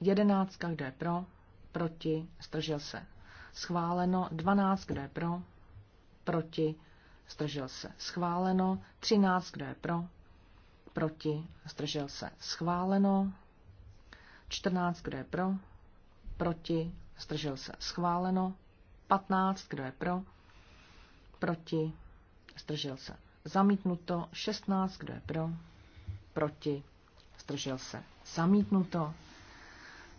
11, kdo je pro, proti, zdržel se schváleno, 12, kdo je pro, proti, zdržel se, schváleno. 13, kdo je pro, proti, zdržel se, schváleno. 14, kdo je pro, proti, zdržel se, schváleno. 15, kdo je pro, proti, zdržel se, zamítnuto. 16, kdo je pro, proti, zdržel se, zamítnuto.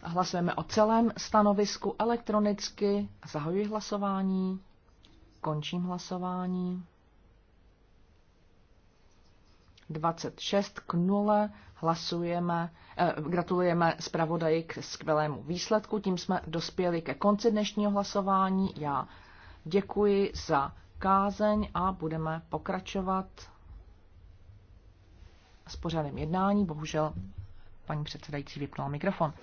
Hlasujeme o celém stanovisku elektronicky. Zahajuji hlasování. Končím hlasování. 26 k 0 hlasujeme, eh, gratulujeme zpravodaji k skvělému výsledku. Tím jsme dospěli ke konci dnešního hlasování. Já děkuji za kázeň a budeme pokračovat s pořadem jednání. Bohužel paní předsedající vypnula mikrofon.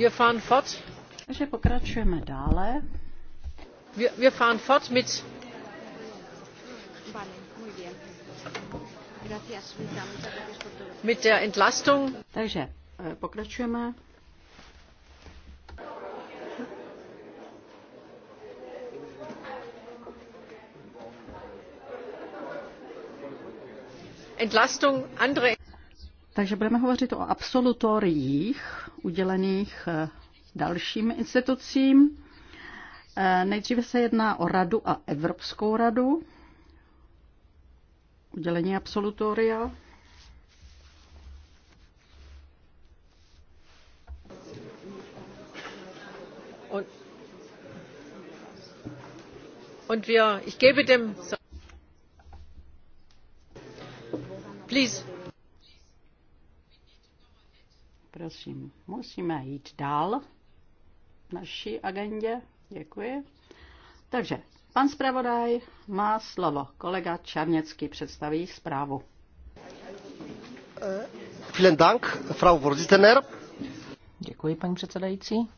Wir fahren fort. Takže pokračujeme dále. Wir, wir fahren fort mit mit der Entlastung. Takže eh, pokračujeme. Entlastung andere. Takže budeme hovořit o absolutoriích udělených eh, dalším institucím. Eh, nejdříve se jedná o Radu a Evropskou radu, udělení absolutoria. Und wir, ich gebe dem. Please. prosím. Musíme jít dál v naší agendě. Děkuji. Takže pan zpravodaj má slovo. Kolega Čarněcký představí zprávu. Vielen Dank, Frau Děkuji, paní předsedající.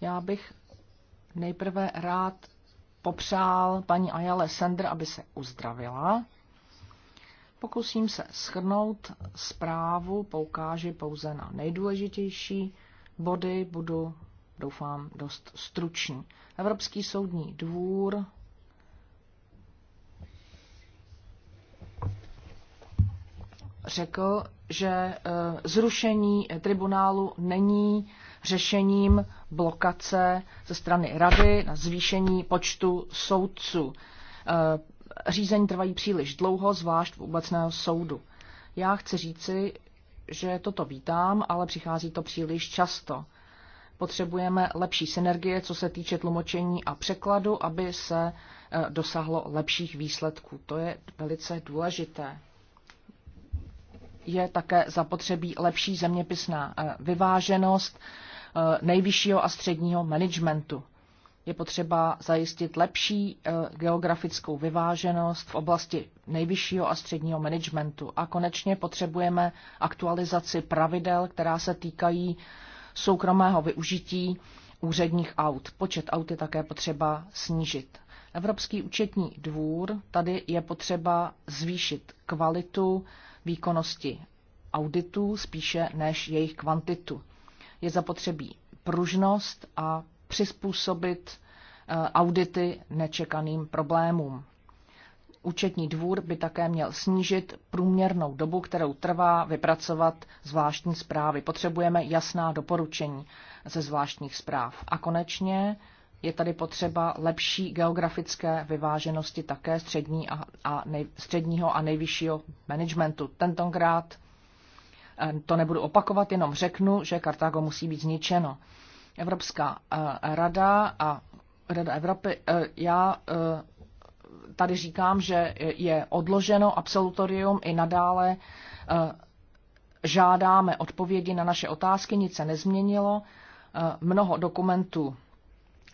Já bych nejprve rád popřál paní Ajale Sender, aby se uzdravila Pokusím se schrnout zprávu, poukáži pouze na nejdůležitější body, budu, doufám, dost stručný. Evropský soudní dvůr řekl, že e, zrušení tribunálu není řešením blokace ze strany rady na zvýšení počtu soudců. E, řízení trvají příliš dlouho, zvlášť v obecného soudu. Já chci říci, že toto vítám, ale přichází to příliš často. Potřebujeme lepší synergie, co se týče tlumočení a překladu, aby se e, dosáhlo lepších výsledků. To je velice důležité. Je také zapotřebí lepší zeměpisná e, vyváženost e, nejvyššího a středního managementu je potřeba zajistit lepší eh, geografickou vyváženost v oblasti nejvyššího a středního managementu. A konečně potřebujeme aktualizaci pravidel, která se týkají soukromého využití úředních aut. Počet aut je také potřeba snížit. Evropský účetní dvůr, tady je potřeba zvýšit kvalitu výkonnosti auditů spíše než jejich kvantitu. Je zapotřebí pružnost a přizpůsobit eh, audity nečekaným problémům. Účetní dvůr by také měl snížit průměrnou dobu, kterou trvá vypracovat zvláštní zprávy. Potřebujeme jasná doporučení ze zvláštních zpráv. A konečně je tady potřeba lepší geografické vyváženosti také střední a, a nej, středního a nejvyššího managementu. Tentokrát eh, to nebudu opakovat, jenom řeknu, že Kartágo musí být zničeno. Evropská eh, rada a Rada Evropy, eh, já eh, tady říkám, že je odloženo absolutorium i nadále žádáme odpovědi na naše otázky, nic se nezměnilo, mnoho dokumentů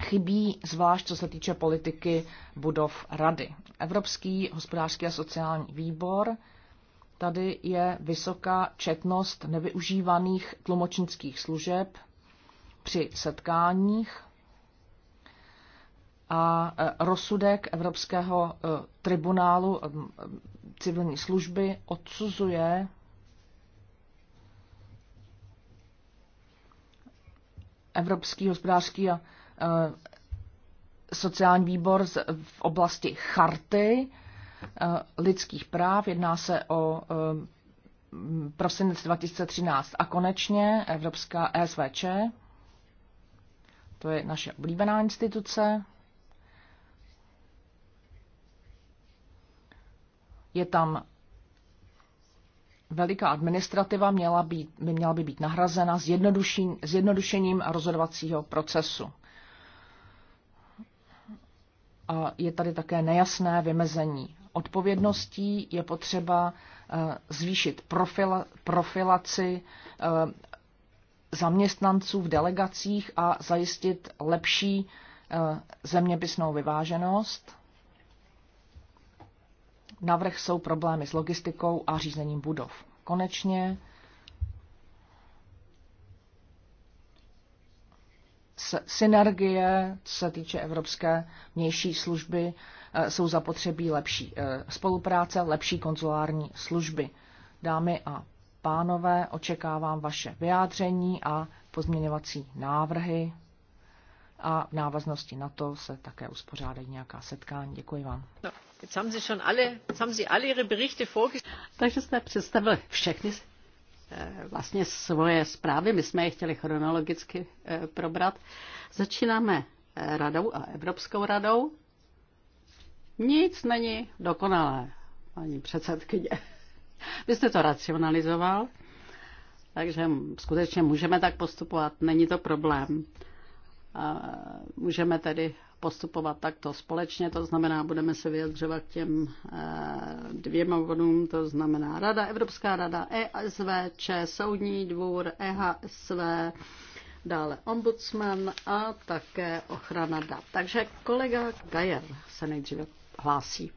chybí, zvlášť co se týče politiky budov rady. Evropský hospodářský a sociální výbor, tady je vysoká četnost nevyužívaných tlumočnických služeb, při setkáních a e, rozsudek Evropského e, tribunálu e, civilní služby odsuzuje Evropský hospodářský a sociální výbor v oblasti charty lidských práv. Jedná se o prosinec 2013. A konečně Evropská ESVČ to je naše oblíbená instituce. Je tam veliká administrativa, měla být, by měla by být nahrazena zjednodušením rozhodovacího procesu. A je tady také nejasné vymezení odpovědností. Je potřeba eh, zvýšit profila, profilaci eh, zaměstnanců v delegacích a zajistit lepší eh, zeměpisnou vyváženost. Navrh jsou problémy s logistikou a řízením budov. Konečně synergie, co se týče evropské vnější služby, eh, jsou zapotřebí lepší eh, spolupráce, lepší konzulární služby. Dámy a pánové, očekávám vaše vyjádření a pozměňovací návrhy a v návaznosti na to se také uspořádají nějaká setkání. Děkuji vám. No, Takže jste představili všechny eh, vlastně svoje zprávy. My jsme je chtěli chronologicky eh, probrat. Začínáme eh, radou a Evropskou radou. Nic není dokonalé, paní předsedkyně. Vy jste to racionalizoval, takže skutečně můžeme tak postupovat, není to problém. Můžeme tedy postupovat takto společně, to znamená, budeme se vyjadřovat k těm eh, dvěma bodům, to znamená Rada, Evropská rada, ESVČ, Soudní dvůr, EHSV, dále ombudsman a také ochrana dat. Takže kolega Gajer se nejdříve hlásí.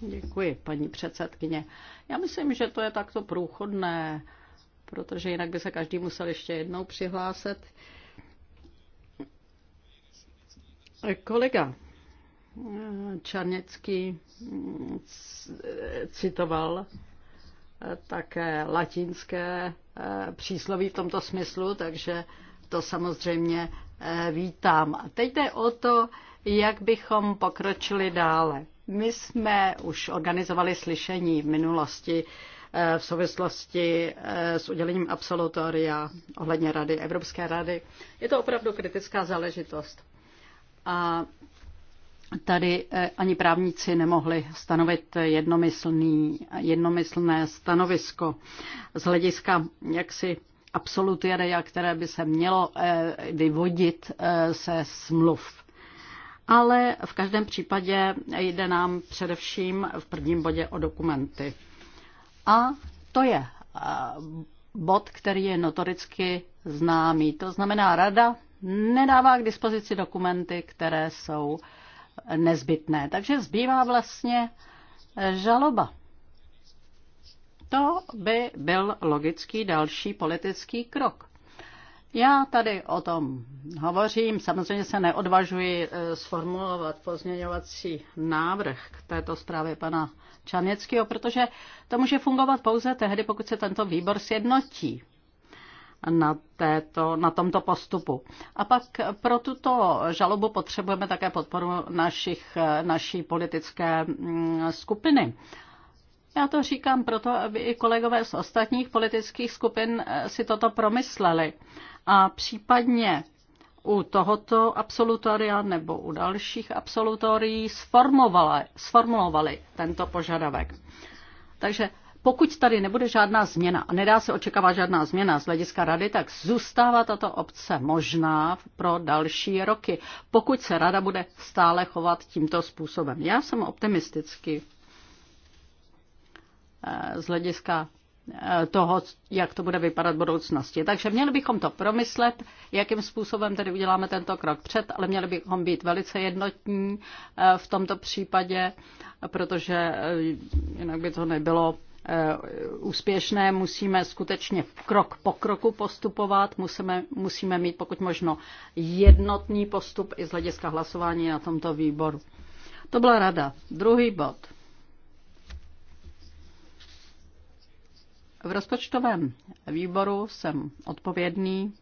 Děkuji, paní předsedkyně. Já myslím, že to je takto průchodné, protože jinak by se každý musel ještě jednou přihlásit. Kolega Čarněcký citoval také latinské přísloví v tomto smyslu, takže to samozřejmě vítám. A teď jde o to, jak bychom pokročili dále. My jsme už organizovali slyšení v minulosti eh, v souvislosti eh, s udělením absolutoria ohledně Rady, Evropské rady. Je to opravdu kritická záležitost. A tady eh, ani právníci nemohli stanovit jednomyslný, jednomyslné stanovisko z hlediska jaksi absolutoria, které by se mělo vyvodit se smluv ale v každém případě jde nám především v prvním bodě o dokumenty. A to je eh, bod, který je notoricky známý. To znamená, rada nedává k dispozici dokumenty, které jsou nezbytné. Takže zbývá vlastně eh, žaloba. To by byl logický další politický krok. Já tady o tom hovořím, samozřejmě se neodvažuji eh, sformulovat pozměňovací návrh k této zprávě pana Čaněckého, protože to může fungovat pouze tehdy, pokud se tento výbor sjednotí na, této, na tomto postupu. A pak pro tuto žalobu potřebujeme také podporu našich, eh, naší politické mm, skupiny. Já to říkám proto, aby i kolegové z ostatních politických skupin eh, si toto promysleli. A případně u tohoto absolutoria nebo u dalších absolutorií sformovali, sformulovali tento požadavek. Takže pokud tady nebude žádná změna a nedá se očekávat žádná změna z hlediska rady, tak zůstává tato obce možná pro další roky, pokud se rada bude stále chovat tímto způsobem. Já jsem optimistický Eh, z hlediska eh, toho, jak to bude vypadat v budoucnosti. Takže měli bychom to promyslet, jakým způsobem tedy uděláme tento krok před, ale měli bychom být velice jednotní eh, v tomto případě, protože jinak by to nebylo úspěšné, musíme skutečně krok po kroku postupovat, musíme, musíme mít pokud možno jednotný postup i z hlediska hlasování na tomto výboru. To byla rada. Druhý bod. V rozpočtovém výboru jsem odpovědný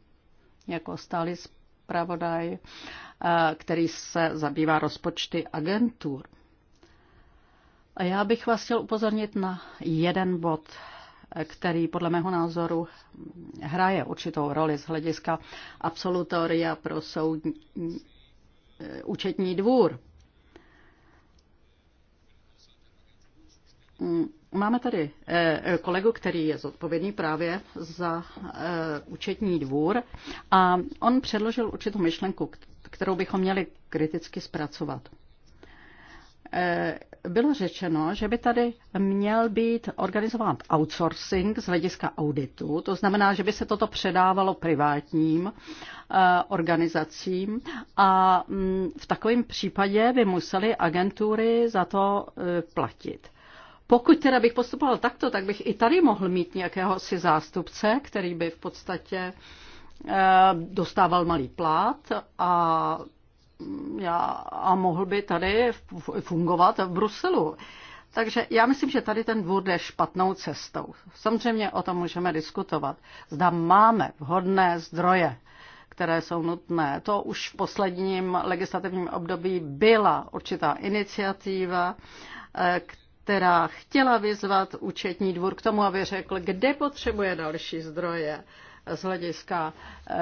jako stálý zpravodaj, eh, který se zabývá rozpočty agentur. A já bych vás chtěl upozornit na jeden bod, který podle mého názoru hraje určitou roli z hlediska absolutoria pro soudní, eh, účetní dvůr. Máme tady eh, kolegu, který je zodpovědný právě za eh, účetní dvůr a on předložil určitou myšlenku, kterou bychom měli kriticky zpracovat. Eh, bylo řečeno, že by tady měl být organizován outsourcing z hlediska auditu, to znamená, že by se toto předávalo privátním organizacím a mm, v takovém případě by museli agentury za to platit. Pokud teda bych postupoval takto, tak bych i tady mohl mít nějakého si zástupce, který by v podstatě eh, dostával malý plát a, mm, já, a mohl by tady fungovat v Bruselu. Takže já myslím, že tady ten dvůr jde špatnou cestou. Samozřejmě o tom můžeme diskutovat. Zda máme vhodné zdroje, které jsou nutné. To už v posledním legislativním období byla určitá iniciativa, eh, která chtěla vyzvat účetní dvůr k tomu, aby řekl, kde potřebuje další zdroje z hlediska eh,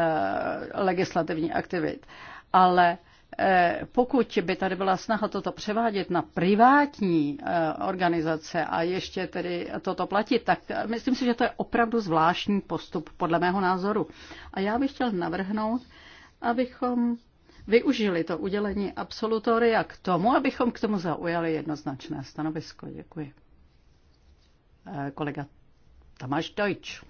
legislativní aktivit. Ale eh, pokud by tady byla snaha toto převádět na privátní eh, organizace a ještě tedy toto platit, tak myslím si, že to je opravdu zvláštní postup podle mého názoru. A já bych chtěl navrhnout, abychom využili to udělení absolutoria k tomu, abychom k tomu zaujali jednoznačné stanovisko. Děkuji. Eh, kolega Tamáš Deutsch.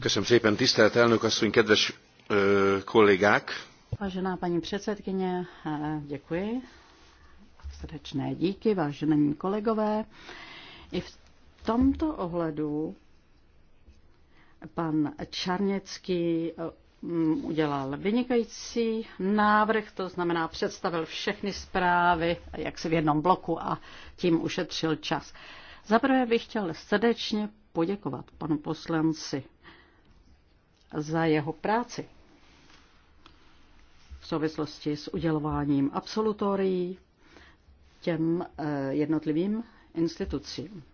Köszönöm szépen, tisztelt elnök asszony, kedves eh, kollégák! Vážená paní předsedkyně, eh, děkuji. Srdečné díky, vážení kolegové. I v tomto ohledu pan Čarněcký Mm, udělal vynikající návrh, to znamená představil všechny zprávy jak si v jednom bloku a tím ušetřil čas. Zaprvé bych chtěl srdečně poděkovat panu poslanci za jeho práci v souvislosti s udělováním absolutorií těm eh, jednotlivým institucím.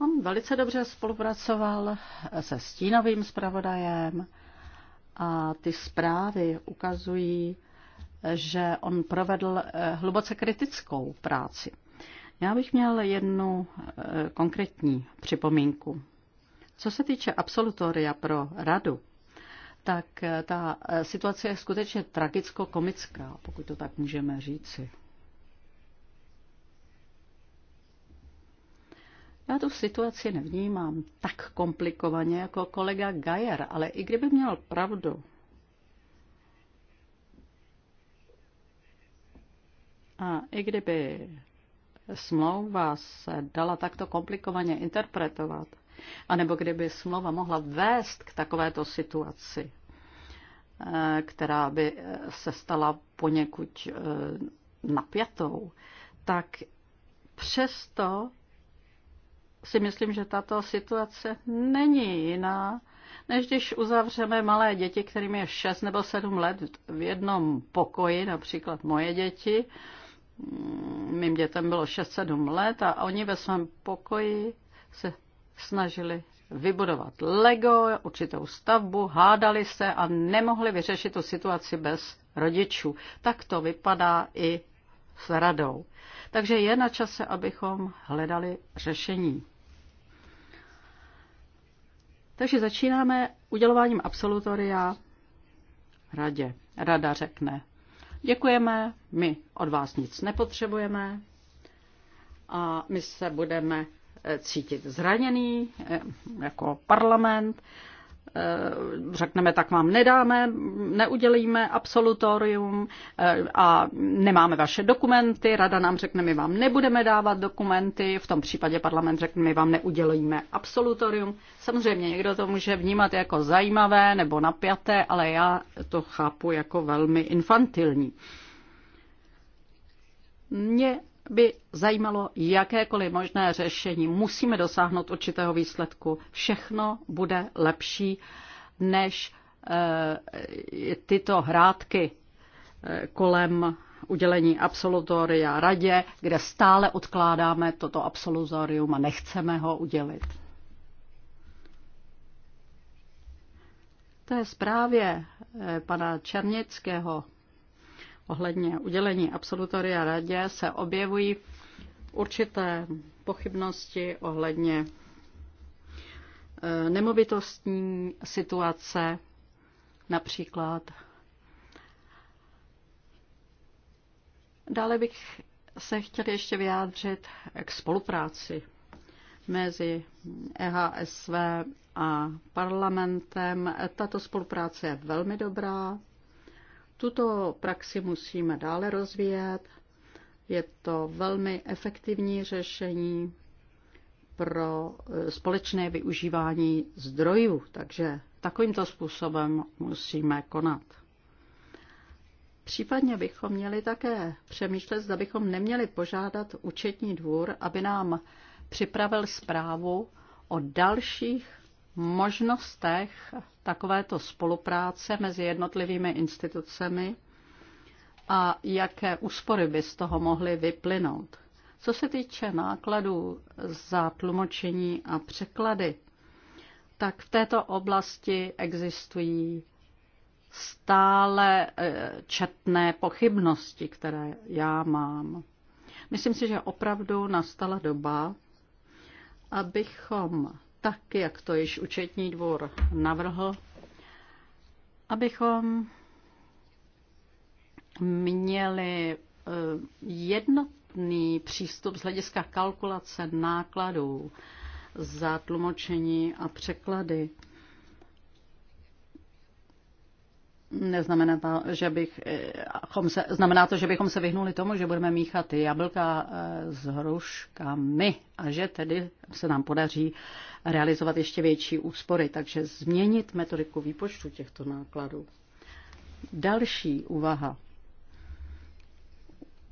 On velice dobře spolupracoval se stínovým zpravodajem, a ty zprávy ukazují, že on provedl eh, hluboce kritickou práci. Já bych měl jednu eh, konkrétní připomínku. Co se týče absolutoria pro radu, tak eh, ta situace je skutečně tragicko-komická, pokud to tak můžeme říci. Já tu situaci nevnímám tak komplikovaně jako kolega Gajer, ale i kdyby měl pravdu, a i kdyby smlouva se dala takto komplikovaně interpretovat, anebo kdyby smlouva mohla vést k takovéto situaci, eh, která by eh, se stala poněkud eh, napjatou, tak přesto si myslím, že tato situace není jiná, než když uzavřeme malé děti, kterým je 6 nebo 7 let v jednom pokoji, například moje děti, mým dětem bylo 6-7 let a oni ve svém pokoji se snažili vybudovat Lego, určitou stavbu, hádali se a nemohli vyřešit tu situaci bez rodičů. Tak to vypadá i s radou. Takže je na čase, abychom hledali řešení. Takže začínáme udělováním absolutoria radě. Rada řekne, děkujeme, my od vás nic nepotřebujeme a my se budeme eh, cítit zraněný eh, jako parlament Eh, řekneme, tak vám nedáme, neudělíme absolutorium eh, a nemáme vaše dokumenty, rada nám řekne, my vám nebudeme dávat dokumenty, v tom případě parlament řekne, my vám neudělíme absolutorium. Samozřejmě někdo to může vnímat jako zajímavé nebo napjaté, ale já to chápu jako velmi infantilní. Mně by zajímalo jakékoliv možné řešení. Musíme dosáhnout určitého výsledku. Všechno bude lepší než eh, tyto hrátky eh, kolem udělení absolutoria radě, kde stále odkládáme toto absolutorium a nechceme ho udělit. To je zprávě eh, pana Černického ohledně udělení absolutoria radě se objevují určité pochybnosti ohledně e, nemovitostní situace, například. Dále bych se chtěl ještě vyjádřit k spolupráci mezi EHSV a parlamentem. Tato spolupráce je velmi dobrá, tuto praxi musíme dále rozvíjet. Je to velmi efektivní řešení pro e, společné využívání zdrojů, takže takovýmto způsobem musíme konat. Případně bychom měli také přemýšlet, zda bychom neměli požádat účetní dvůr, aby nám připravil zprávu o dalších možnostech takovéto spolupráce mezi jednotlivými institucemi a jaké úspory by z toho mohly vyplynout. Co se týče nákladů za tlumočení a překlady, tak v této oblasti existují stále e, četné pochybnosti, které já mám. Myslím si, že opravdu nastala doba, abychom tak, jak to již účetní dvor navrhl, abychom měli eh, jednotný přístup z hlediska kalkulace nákladů za tlumočení a překlady Neznamená to, že bych, eh, se, znamená to, že bychom se vyhnuli tomu, že budeme míchat jablka eh, s hruškami a že tedy se nám podaří realizovat ještě větší úspory. Takže změnit metodiku výpočtu těchto nákladů. Další úvaha.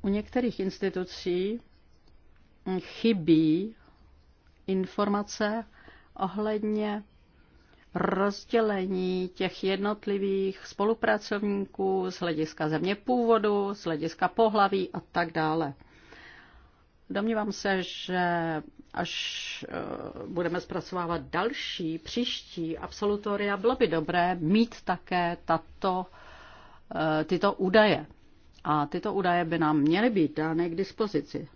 U některých institucí chybí informace ohledně rozdělení těch jednotlivých spolupracovníků z hlediska země původu, z hlediska pohlaví a tak dále. Domnívám se, že až eh, budeme zpracovávat další, příští absolutoria, bylo by dobré mít také tato, eh, tyto údaje. A tyto údaje by nám měly být dány k dispozici.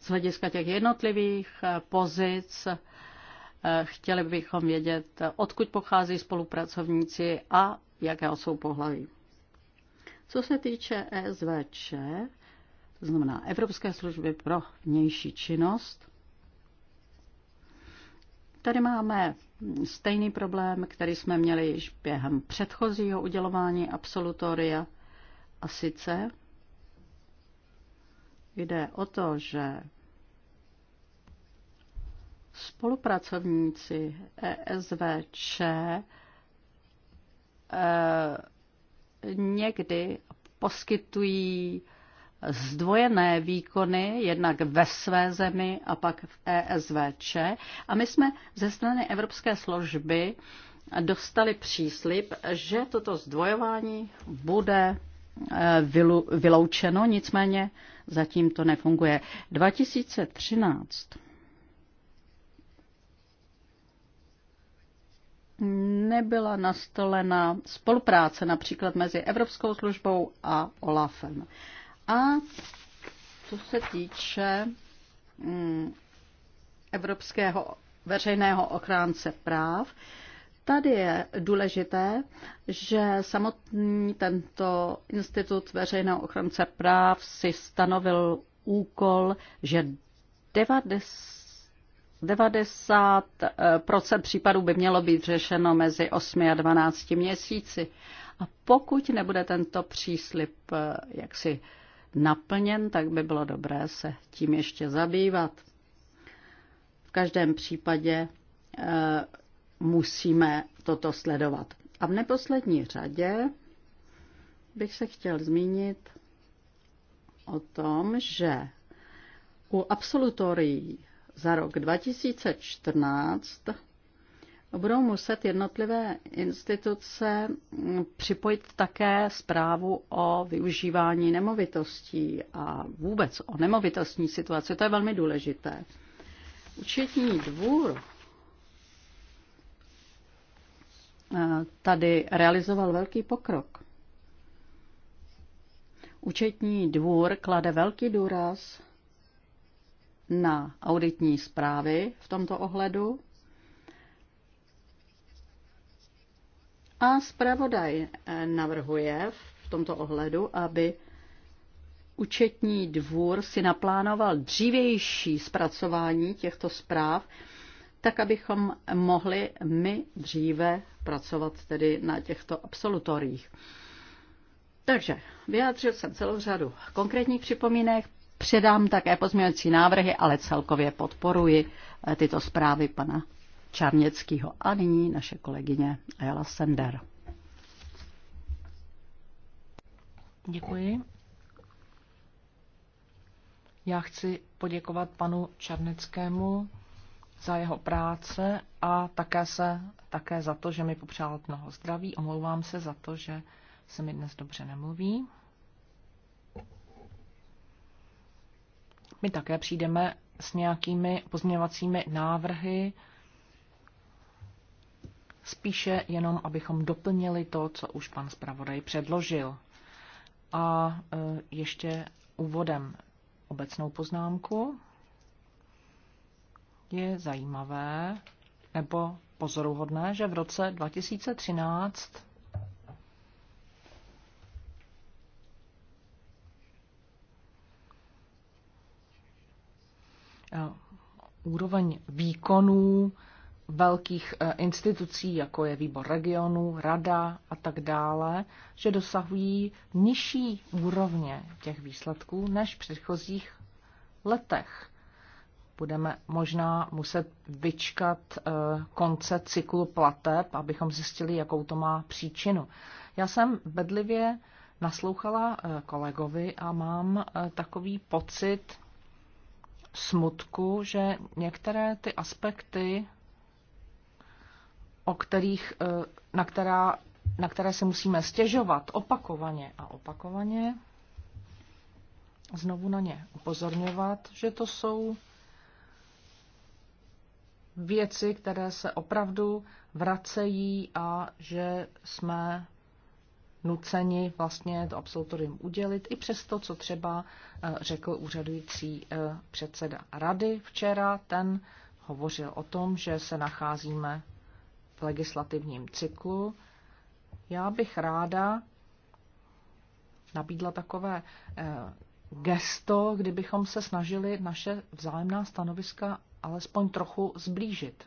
Z hlediska těch jednotlivých eh, pozic Chtěli bychom vědět, odkud pochází spolupracovníci a jakého jsou pohlaví. Co se týče ESVČ, to znamená Evropské služby pro vnější činnost, tady máme stejný problém, který jsme měli již během předchozího udělování absolutoria. A sice jde o to, že Spolupracovníci ESVČ e, někdy poskytují zdvojené výkony, jednak ve své zemi a pak v ESVČ. A my jsme ze strany Evropské služby dostali příslip, že toto zdvojování bude e, vyloučeno, nicméně zatím to nefunguje. 2013 nebyla nastolena spolupráce například mezi Evropskou službou a OLAFem. A co se týče mm, Evropského veřejného ochránce práv, tady je důležité, že samotný tento institut veřejného ochránce práv si stanovil úkol, že 90 90 eh, případů by mělo být řešeno mezi 8 a 12 měsíci. A pokud nebude tento příslip eh, jaksi naplněn, tak by bylo dobré se tím ještě zabývat. V každém případě eh, musíme toto sledovat. A v neposlední řadě bych se chtěl zmínit o tom, že u absolutorií za rok 2014 budou muset jednotlivé instituce připojit také zprávu o využívání nemovitostí a vůbec o nemovitostní situaci. To je velmi důležité. Účetní dvůr eh, tady realizoval velký pokrok. Účetní dvůr klade velký důraz na auditní zprávy v tomto ohledu. A zpravodaj navrhuje v tomto ohledu, aby účetní dvůr si naplánoval dřívější zpracování těchto zpráv, tak abychom mohli my dříve pracovat tedy na těchto absolutorích. Takže vyjádřil jsem celou řadu konkrétních připomínek, Předám také pozměňovací návrhy, ale celkově podporuji eh, tyto zprávy pana Čarněckého a nyní naše kolegyně Ayala Sender. Děkuji. Já chci poděkovat panu Čarneckému za jeho práce a také, se, také za to, že mi popřál mnoho zdraví. Omlouvám se za to, že se mi dnes dobře nemluví. My také přijdeme s nějakými pozměňovacími návrhy, spíše jenom, abychom doplnili to, co už pan zpravodaj předložil. A e, ještě úvodem obecnou poznámku. Je zajímavé nebo pozoruhodné, že v roce 2013 úroveň výkonů velkých e, institucí, jako je výbor regionu, rada a tak dále, že dosahují nižší úrovně těch výsledků než v předchozích letech. Budeme možná muset vyčkat e, konce cyklu plateb, abychom zjistili, jakou to má příčinu. Já jsem bedlivě naslouchala e, kolegovi a mám takový pocit, smutku, že některé ty aspekty, o kterých, e, na, která, na které se musíme stěžovat opakovaně a opakovaně, znovu na ně upozorňovat, že to jsou věci, které se opravdu vracejí a že jsme nuceni vlastně to absolutorium udělit, i přesto, co třeba eh, řekl úřadující eh, předseda rady včera, ten hovořil o tom, že se nacházíme v legislativním cyklu. Já bych ráda nabídla takové eh, gesto, kdybychom se snažili naše vzájemná stanoviska alespoň trochu zblížit.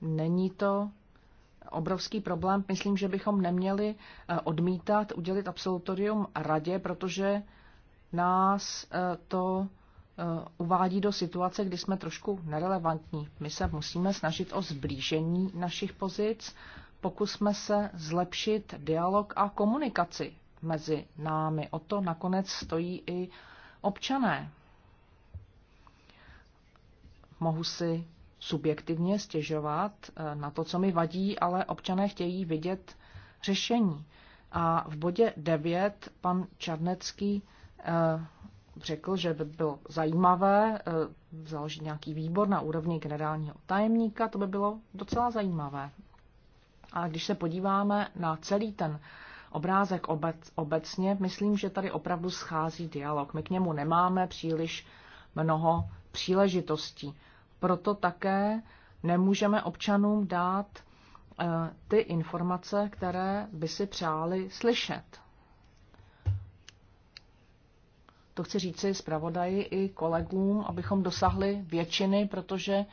Není to obrovský problém. Myslím, že bychom neměli eh, odmítat udělit absolutorium radě, protože nás eh, to eh, uvádí do situace, kdy jsme trošku nerelevantní. My se musíme snažit o zblížení našich pozic, pokusme se zlepšit dialog a komunikaci mezi námi. O to nakonec stojí i občané. Mohu si subjektivně stěžovat eh, na to, co mi vadí, ale občané chtějí vidět řešení. A v bodě 9 pan Čarnecký eh, řekl, že by bylo zajímavé eh, založit nějaký výbor na úrovni generálního tajemníka, to by bylo docela zajímavé. A když se podíváme na celý ten obrázek obec, obecně, myslím, že tady opravdu schází dialog. My k němu nemáme příliš mnoho příležitostí. Proto také nemůžeme občanům dát eh, ty informace, které by si přáli slyšet. To chci říci zpravodaji i kolegům, abychom dosahli většiny, protože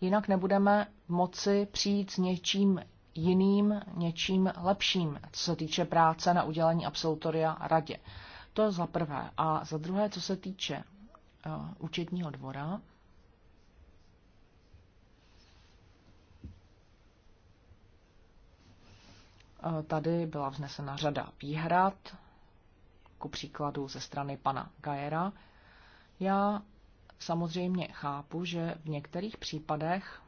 jinak nebudeme moci přijít s něčím jiným, něčím lepším, co se týče práce na udělení absolutoria radě. To za prvé. A za druhé, co se týče uh, účetního dvora, Tady byla vznesena řada výhrad, ku příkladu ze strany pana Gajera. Já samozřejmě chápu, že v některých případech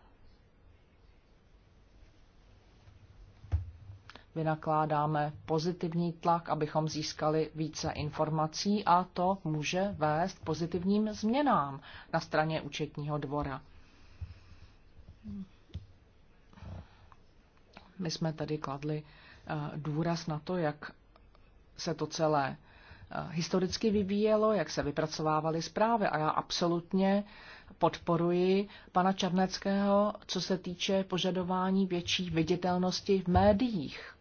vynakládáme pozitivní tlak, abychom získali více informací a to může vést pozitivním změnám na straně účetního dvora. My jsme tady kladli Eh, důraz na to, jak se to celé eh, historicky vyvíjelo, jak se vypracovávaly zprávy. A já absolutně podporuji pana Černeckého, co se týče požadování větší viditelnosti v médiích.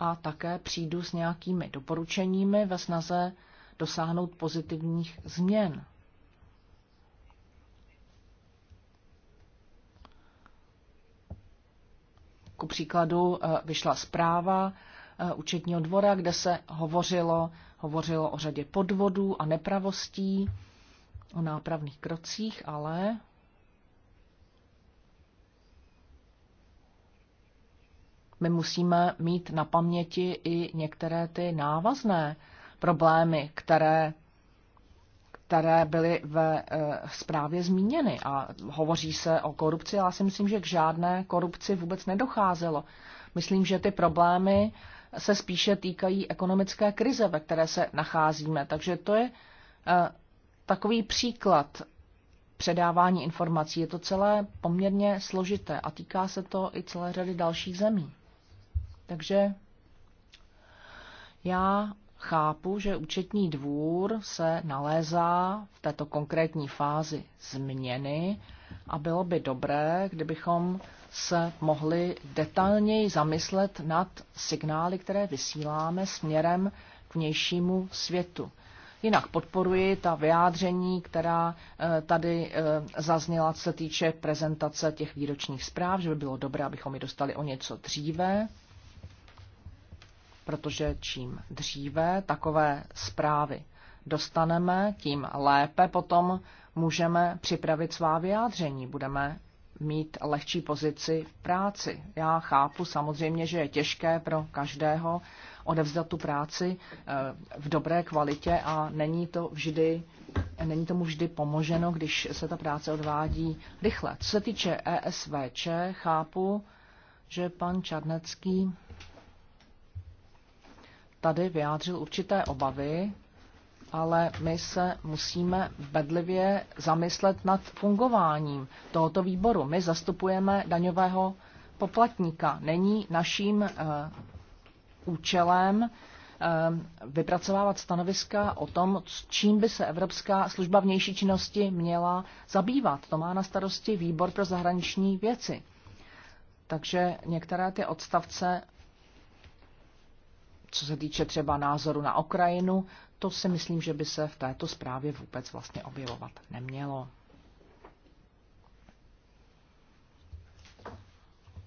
A také přijdu s nějakými doporučeními ve snaze dosáhnout pozitivních změn. Ku příkladu eh, vyšla zpráva eh, účetního dvora, kde se hovořilo, hovořilo o řadě podvodů a nepravostí, o nápravných krocích, ale my musíme mít na paměti i některé ty návazné problémy, které které byly ve zprávě eh, zmíněny. A hovoří se o korupci. Já si myslím, že k žádné korupci vůbec nedocházelo. Myslím, že ty problémy se spíše týkají ekonomické krize, ve které se nacházíme. Takže to je eh, takový příklad předávání informací. Je to celé poměrně složité a týká se to i celé řady dalších zemí. Takže já Chápu, že účetní dvůr se nalézá v této konkrétní fázi změny a bylo by dobré, kdybychom se mohli detailněji zamyslet nad signály, které vysíláme směrem k vnějšímu světu. Jinak podporuji ta vyjádření, která eh, tady eh, zazněla, co se týče prezentace těch výročních zpráv, že by bylo dobré, abychom ji dostali o něco dříve protože čím dříve takové zprávy dostaneme, tím lépe potom můžeme připravit svá vyjádření. Budeme mít lehčí pozici v práci. Já chápu samozřejmě, že je těžké pro každého odevzdat tu práci eh, v dobré kvalitě a není, to vždy, není tomu vždy pomoženo, když se ta práce odvádí rychle. Co se týče ESVČ, chápu, že pan Čarnecký tady vyjádřil určité obavy, ale my se musíme bedlivě zamyslet nad fungováním tohoto výboru. My zastupujeme daňového poplatníka. Není naším eh, účelem eh, vypracovávat stanoviska o tom, čím by se Evropská služba vnější činnosti měla zabývat. To má na starosti výbor pro zahraniční věci. Takže některé ty odstavce co se týče třeba názoru na Ukrajinu, to si myslím, že by se v této zprávě vůbec vlastně objevovat nemělo.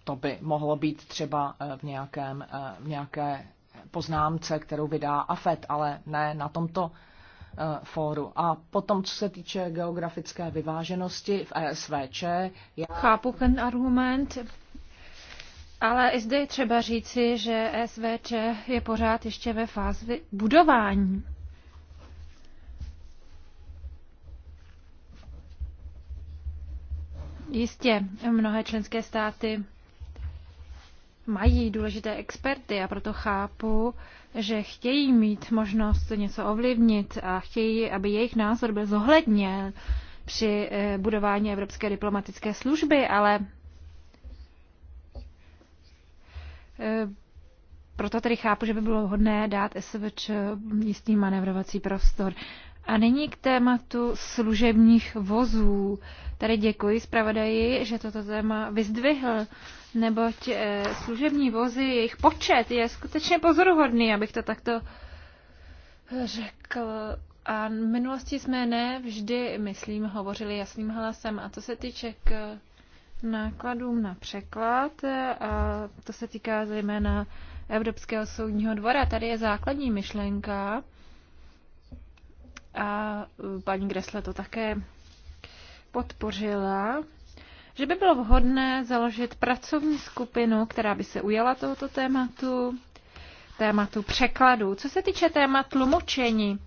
To by mohlo být třeba eh, v, nějakém, eh, v nějaké poznámce, kterou vydá AFET, ale ne na tomto eh, fóru. A potom, co se týče geografické vyváženosti v ESVČ, já... Chápu ten argument, ale i zde je třeba říci, že SVČ je pořád ještě ve fázi budování. Jistě, mnohé členské státy mají důležité experty a proto chápu, že chtějí mít možnost něco ovlivnit a chtějí, aby jejich názor byl zohledněn při eh, budování Evropské diplomatické služby, ale E, proto tedy chápu, že by bylo hodné dát SVČ jistý manevrovací prostor. A nyní k tématu služebních vozů. Tady děkuji zpravodaji, že toto téma vyzdvihl, neboť e, služební vozy, jejich počet je skutečně pozoruhodný, abych to takto řekl. A v minulosti jsme ne vždy, myslím, hovořili jasným hlasem. A co se týče k nákladům na překlad a to se týká zejména Evropského soudního dvora. Tady je základní myšlenka a paní Gresle to také podpořila, že by bylo vhodné založit pracovní skupinu, která by se ujala tohoto tématu, tématu překladu. Co se týče téma tlumočení,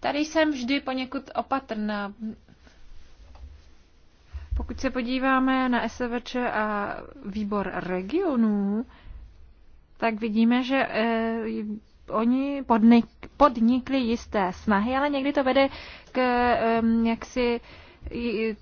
tady jsem vždy poněkud opatrná. Pokud se podíváme na SVČ a výbor regionů, tak vidíme, že eh, oni podnik, podnikli jisté snahy, ale někdy to vede k eh, jaksi eh,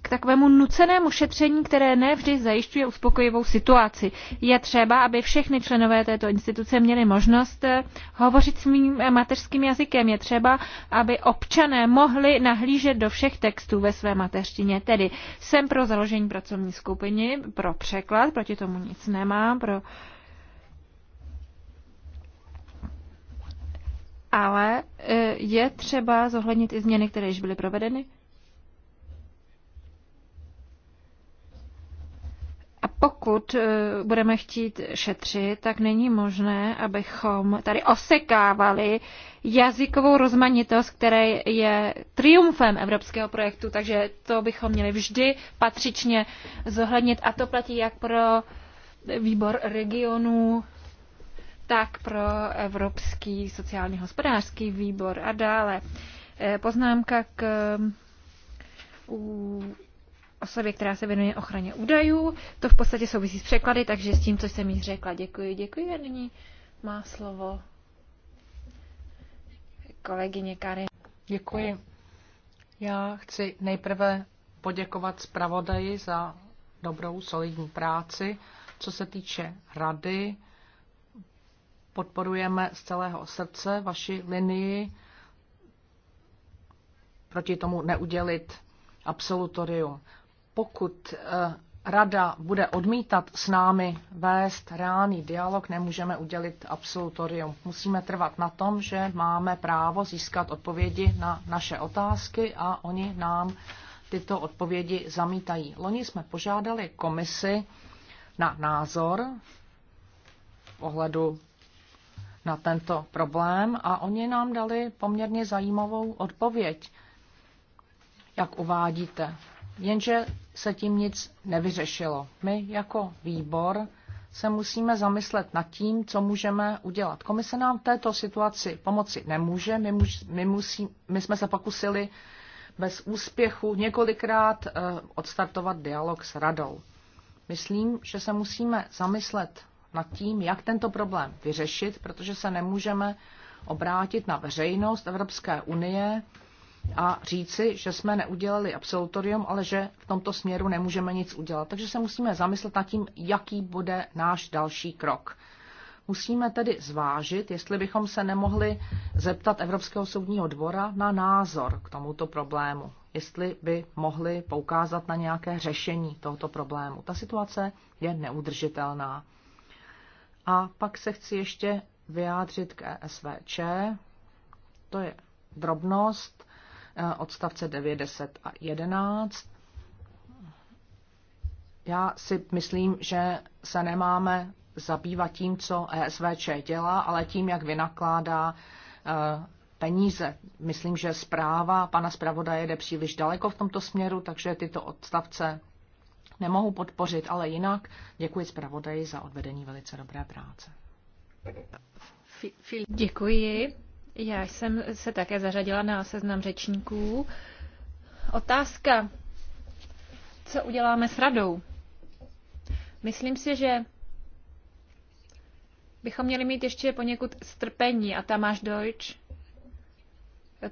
k takovému nucenému šetření, které nevždy zajišťuje uspokojivou situaci. Je třeba, aby všechny členové této instituce měli možnost eh, hovořit svým eh, mateřským jazykem. Je třeba, aby občané mohli nahlížet do všech textů ve své mateřštině. Tedy jsem pro založení pracovní skupiny, pro překlad, proti tomu nic nemám, pro ale eh, je třeba zohlednit i změny, které již byly provedeny A pokud eh, budeme chtít šetřit, tak není možné, abychom tady osekávali jazykovou rozmanitost, která je triumfem evropského projektu, takže to bychom měli vždy patřičně zohlednit a to platí jak pro výbor regionů, tak pro Evropský sociálně hospodářský výbor a dále. Eh, poznámka k eh, osobě, která se věnuje ochraně údajů. To v podstatě souvisí s překlady, takže s tím, co jsem jí řekla. Děkuji, děkuji. A nyní má slovo kolegyně Karin. Děkuji. Já chci nejprve poděkovat zpravodaji za dobrou, solidní práci. Co se týče rady, podporujeme z celého srdce vaši linii proti tomu neudělit absolutorium pokud eh, rada bude odmítat s námi vést reálný dialog, nemůžeme udělit absolutorium. Musíme trvat na tom, že máme právo získat odpovědi na naše otázky a oni nám tyto odpovědi zamítají. Loni jsme požádali komisi na názor ohledu na tento problém a oni nám dali poměrně zajímavou odpověď, jak uvádíte. Jenže se tím nic nevyřešilo. My jako výbor se musíme zamyslet nad tím, co můžeme udělat. Komise nám v této situaci pomoci nemůže. My, muž, my, musí, my jsme se pokusili bez úspěchu několikrát eh, odstartovat dialog s radou. Myslím, že se musíme zamyslet nad tím, jak tento problém vyřešit, protože se nemůžeme obrátit na veřejnost Evropské unie a říci, že jsme neudělali absolutorium, ale že v tomto směru nemůžeme nic udělat. Takže se musíme zamyslet nad tím, jaký bude náš další krok. Musíme tedy zvážit, jestli bychom se nemohli zeptat Evropského soudního dvora na názor k tomuto problému, jestli by mohli poukázat na nějaké řešení tohoto problému. Ta situace je neudržitelná. A pak se chci ještě vyjádřit k ESVČ. To je drobnost, Eh, odstavce 9, 10 a 11. Já si myslím, že se nemáme zabývat tím, co ESVČ dělá, ale tím, jak vynakládá eh, peníze. Myslím, že zpráva pana zpravodaje jede příliš daleko v tomto směru, takže tyto odstavce nemohu podpořit, ale jinak děkuji zpravodaji za odvedení velice dobré práce. Děkuji. Já jsem se také zařadila na seznam řečníků. Otázka, co uděláme s radou? Myslím si, že bychom měli mít ještě poněkud strpení a máš Deutsch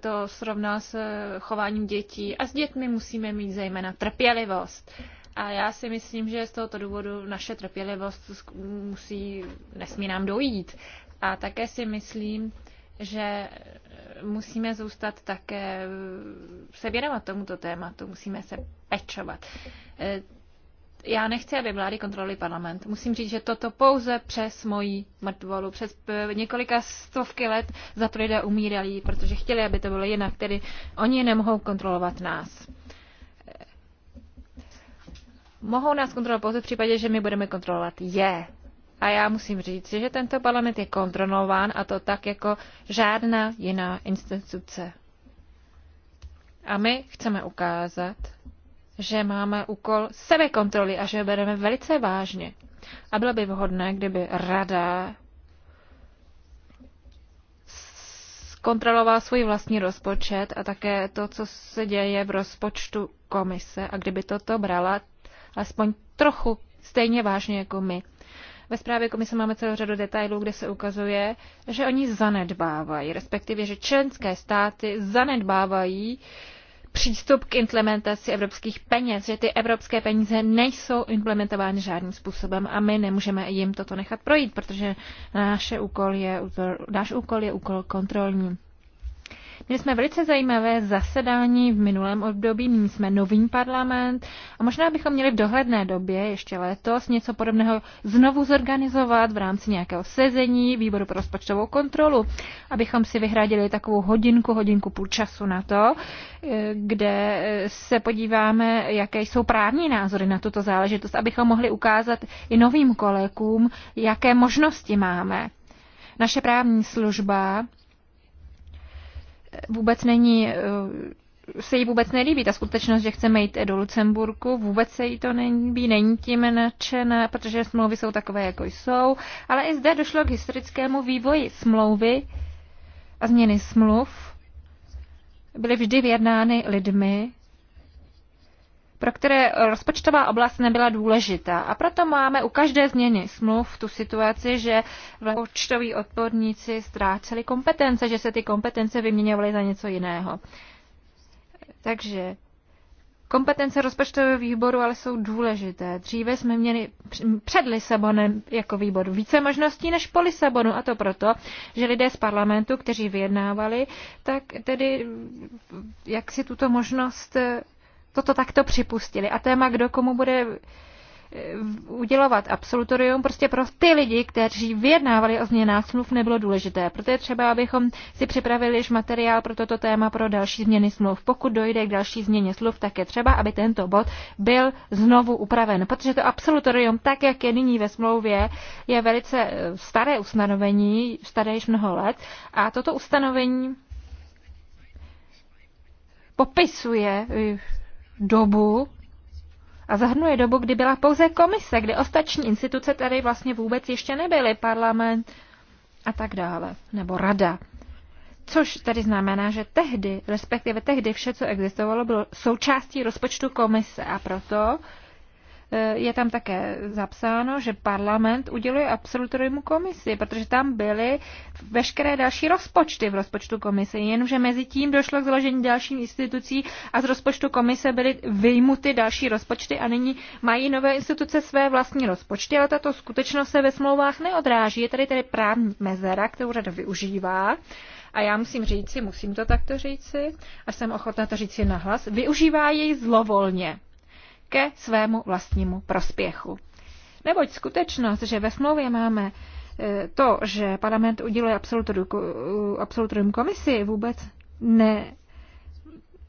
to srovná s eh, chováním dětí a s dětmi musíme mít zejména trpělivost. A já si myslím, že z tohoto důvodu naše trpělivost musí, nesmí nám dojít. A také si myslím, že eh, musíme zůstat také, eh, se věnovat tomuto tématu, musíme se pečovat. Eh, já nechci, aby vlády kontrolovaly parlament. Musím říct, že toto pouze přes moji mrtvolu. Přes několika stovky let za to lidé umírali, protože chtěli, aby to bylo jinak. Tedy oni nemohou kontrolovat nás. Mohou nás kontrolovat pouze v případě, že my budeme kontrolovat je. A já musím říct, že tento parlament je kontrolován a to tak jako žádná jiná instituce. A my chceme ukázat, že máme úkol sebekontroly a že ho bereme velice vážně. A bylo by vhodné, kdyby rada kontroloval svůj vlastní rozpočet a také to, co se děje v rozpočtu komise a kdyby toto brala aspoň trochu stejně vážně jako my. Ve zprávě komise máme celou řadu detailů, kde se ukazuje, že oni zanedbávají, respektive, že členské státy zanedbávají přístup k implementaci evropských peněz, že ty evropské peníze nejsou implementovány žádným způsobem a my nemůžeme jim toto nechat projít, protože náš úkol je, náš úkol, je úkol kontrolní. Měli jsme velice zajímavé zasedání v minulém období, nyní jsme nový parlament a možná bychom měli v dohledné době, ještě letos, něco podobného znovu zorganizovat v rámci nějakého sezení výboru pro rozpočtovou kontrolu, abychom si vyhradili takovou hodinku, hodinku půl času na to, eh, kde eh, se podíváme, jaké jsou právní názory na tuto záležitost, abychom mohli ukázat i novým kolegům, jaké možnosti máme. Naše právní služba vůbec není, eh, se jí vůbec nelíbí ta skutečnost, že chceme jít do Lucemburku, vůbec se jí to nelíbí, není tím nadšená, protože smlouvy jsou takové, jako jsou, ale i zde došlo k historickému vývoji smlouvy a změny smluv byly vždy vyjednány lidmi, pro které rozpočtová oblast nebyla důležitá. A proto máme u každé změny smluv tu situaci, že rozpočtoví odborníci ztráceli kompetence, že se ty kompetence vyměňovaly za něco jiného. Takže Kompetence rozpočtového výboru ale jsou důležité. Dříve jsme měli před Lisabonem jako výbor více možností než po Lisabonu a to proto, že lidé z parlamentu, kteří vyjednávali, tak tedy jak si tuto možnost toto takto připustili. A téma, kdo komu bude eh, udělovat absolutorium prostě pro ty lidi, kteří vyjednávali o změnách smluv, nebylo důležité. Proto je třeba, abychom si připravili již materiál pro toto téma pro další změny smluv. Pokud dojde k další změně smluv, tak je třeba, aby tento bod byl znovu upraven. Protože to absolutorium, tak jak je nyní ve smlouvě, je velice eh, staré ustanovení, staré již mnoho let. A toto ustanovení popisuje eh, dobu a zahrnuje dobu, kdy byla pouze komise, kdy ostatní instituce tady vlastně vůbec ještě nebyly, parlament a tak dále, nebo rada. Což tedy znamená, že tehdy, respektive tehdy vše, co existovalo, bylo součástí rozpočtu komise a proto Eh, je tam také zapsáno, že parlament uděluje absolutorium komisi, protože tam byly veškeré další rozpočty v rozpočtu komise, jenomže mezi tím došlo k založení dalším institucí a z rozpočtu komise byly vyjmuty další rozpočty a nyní mají nové instituce své vlastní rozpočty, ale tato skutečnost se ve smlouvách neodráží. Je tady tedy právní mezera, kterou řada využívá. A já musím říci, musím to takto říci, a jsem ochotná to říci nahlas, využívá jej zlovolně ke svému vlastnímu prospěchu. Neboť skutečnost, že ve smlouvě máme e, to, že parlament uděluje absolutorium komisi, vůbec ne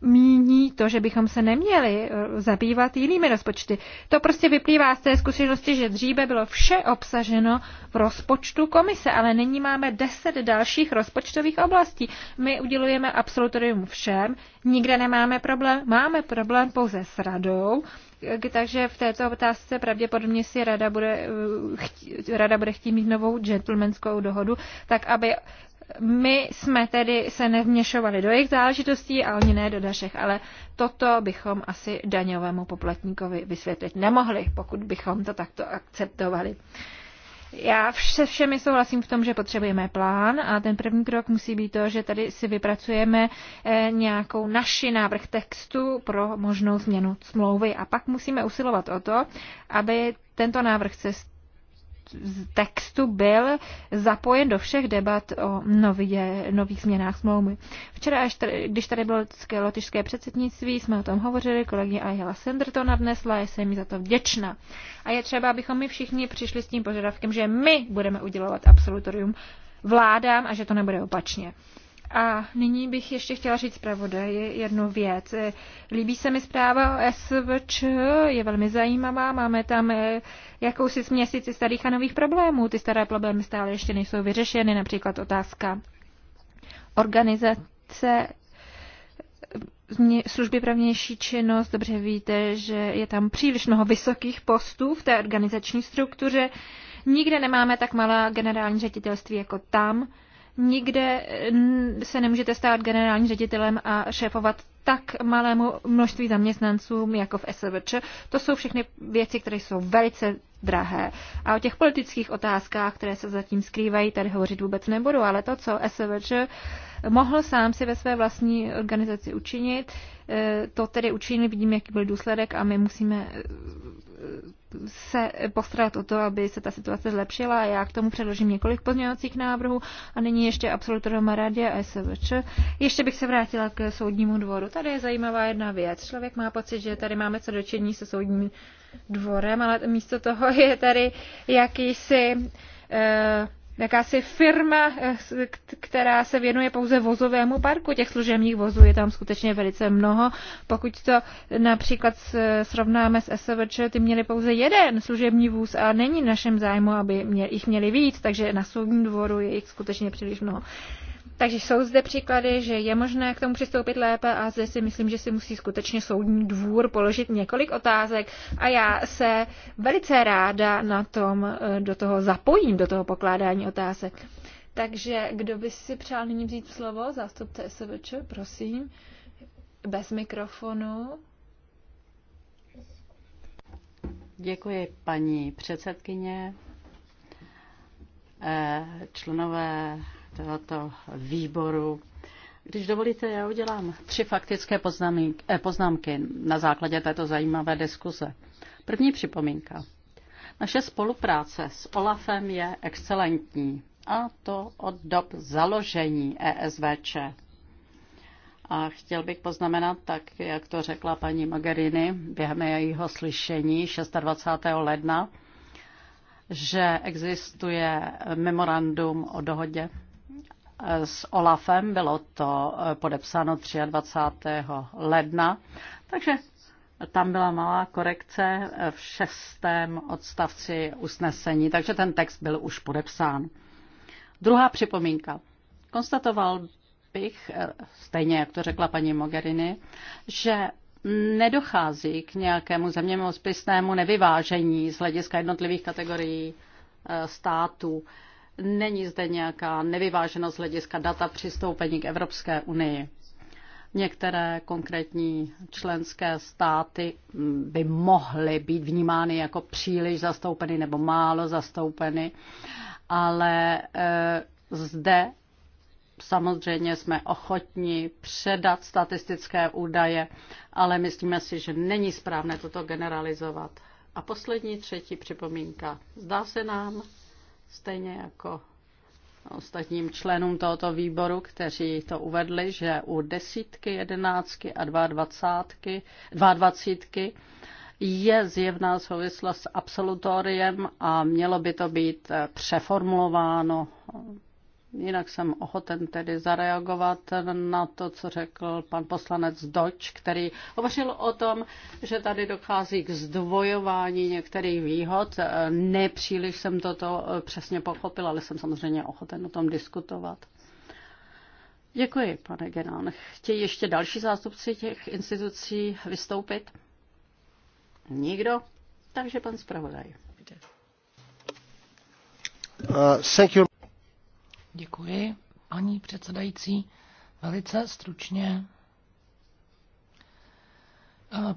míní to, že bychom se neměli e, zabývat jinými rozpočty. To prostě vyplývá z té zkušenosti, že dříve bylo vše obsaženo v rozpočtu komise, ale nyní máme deset dalších rozpočtových oblastí. My udělujeme absolutorium všem, nikde nemáme problém, máme problém pouze s radou takže v této otázce pravděpodobně si rada bude, eh, chtít, rada bude chtít mít novou gentlemanskou dohodu, tak aby my jsme tedy se nevměšovali do jejich záležitostí a oni ne do našich, ale toto bychom asi daňovému poplatníkovi vysvětlit nemohli, pokud bychom to takto akceptovali. Uh, já se všemi souhlasím v tom, že potřebujeme plán a ten první krok musí být to, že tady si vypracujeme eh, nějakou naši návrh textu pro možnou změnu smlouvy a pak musíme usilovat o to, aby tento návrh z textu byl zapojen do všech debat o nově, nových změnách smlouvy. Včera, až tady, když tady bylo lotyšské předsednictví, jsme o tom hovořili, kolegyně Ayala Sender to nadnesla, jsem jí za to vděčná. A je třeba, abychom my všichni přišli s tím požadavkem, že my budeme udělovat absolutorium vládám a že to nebude opačně. A nyní bych ještě chtěla říct zpravodaj jednu věc. Líbí se mi zpráva o SVČ, je velmi zajímavá, máme tam eh, jakousi směsici starých a nových problémů. Ty staré problémy stále ještě nejsou vyřešeny, například otázka organizace eh, služby pravnější činnost. Dobře víte, že je tam příliš mnoho vysokých postů v té organizační struktuře. Nikde nemáme tak malá generální ředitelství jako tam nikde eh, se nemůžete stát generálním ředitelem a šéfovat tak malému množství zaměstnanců, jako v SVČ. To jsou všechny věci, které jsou velice drahé. A o těch politických otázkách, které se zatím skrývají, tady hovořit vůbec nebudu, ale to, co SVČ mohl sám si ve své vlastní organizaci učinit, eh, to tedy učinil, vidím, jaký byl důsledek a my musíme eh, se postarat o to, aby se ta situace zlepšila. Já k tomu předložím několik pozměňovacích návrhů a nyní ještě absolutoroma radě a SVČ. Ještě bych se vrátila k soudnímu dvoru. Tady je zajímavá jedna věc. Člověk má pocit, že tady máme co dočení se soudním dvorem, ale místo toho je tady jakýsi eh, jakási firma, eh, která se věnuje pouze vozovému parku. Těch služebních vozů je tam skutečně velice mnoho. Pokud to například srovnáme s SVČ, ty měli pouze jeden služební vůz a není našem zájmu, aby jich měli víc, takže na soudním dvoru je jich skutečně příliš mnoho. Takže jsou zde příklady, že je možné k tomu přistoupit lépe a zde si myslím, že si musí skutečně soudní dvůr položit několik otázek a já se velice ráda na tom eh, do toho zapojím, do toho pokládání otázek. Takže kdo by si přál nyní vzít slovo? Zástupce SVČ, prosím. Bez mikrofonu. Děkuji, paní předsedkyně. Eh, členové tohoto výboru. Když dovolíte, já udělám tři faktické poznámky, eh, poznámky na základě této zajímavé diskuze. První připomínka. Naše spolupráce s OLAFem je excelentní, a to od dob založení ESVČ. A chtěl bych poznamenat, tak jak to řekla paní Magerini během jejího slyšení 26. ledna, že existuje memorandum o dohodě s Olafem, bylo to eh, podepsáno 23. ledna, takže tam byla malá korekce eh, v šestém odstavci usnesení, takže ten text byl už podepsán. Druhá připomínka. Konstatoval bych, eh, stejně jak to řekla paní Mogherini, že nedochází k nějakému zeměmospisnému nevyvážení z hlediska jednotlivých kategorií států není zde nějaká nevyváženost hlediska data přistoupení k Evropské unii. Některé konkrétní členské státy mm, by mohly být vnímány jako příliš zastoupeny nebo málo zastoupeny, ale e, zde samozřejmě jsme ochotni předat statistické údaje, ale myslíme si, že není správné toto generalizovat. A poslední třetí připomínka. Zdá se nám, stejně jako ostatním členům tohoto výboru, kteří to uvedli, že u desítky, jedenáctky a dvadvacátky, dvadvacítky je zjevná souvislost s absolutoriem a mělo by to být přeformulováno Jinak jsem ochoten tedy zareagovat na to, co řekl pan poslanec Doč, který hovořil o tom, že tady dochází k zdvojování některých výhod. Nepříliš jsem toto eh, přesně pochopil, ale jsem samozřejmě ochoten o tom diskutovat. Děkuji, pane Genán. Chtějí ještě další zástupci těch institucí vystoupit? Nikdo? Takže pan zpravodaj. Uh, thank you. Děkuji, paní předsedající. Velice stručně eh,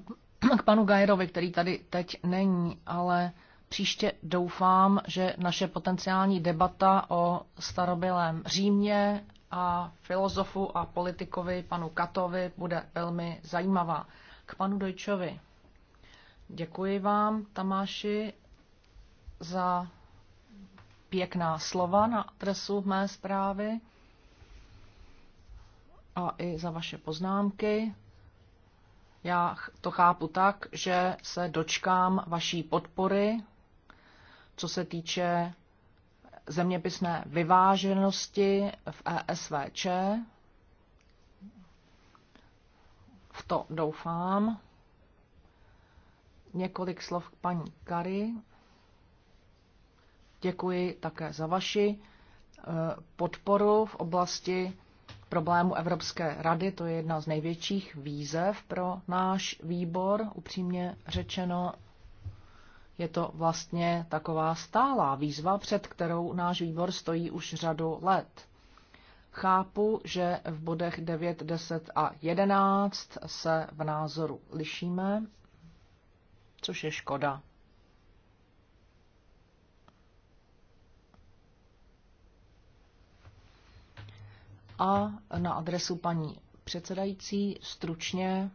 k panu Gajerovi, který tady teď není, ale příště doufám, že naše potenciální debata o starobylém Římě a filozofu a politikovi panu Katovi bude velmi zajímavá. K panu Dojčovi. Děkuji vám, Tamáši, za pěkná slova na adresu mé zprávy a i za vaše poznámky. Já to chápu tak, že se dočkám vaší podpory, co se týče zeměpisné vyváženosti v ESVČ. V to doufám. Několik slov k paní Kary. Děkuji také za vaši eh, podporu v oblasti problému Evropské rady. To je jedna z největších výzev pro náš výbor. Upřímně řečeno, je to vlastně taková stálá výzva, před kterou náš výbor stojí už řadu let. Chápu, že v bodech 9, 10 a 11 se v názoru lišíme, což je škoda. A na adresu paní předsedající stručně,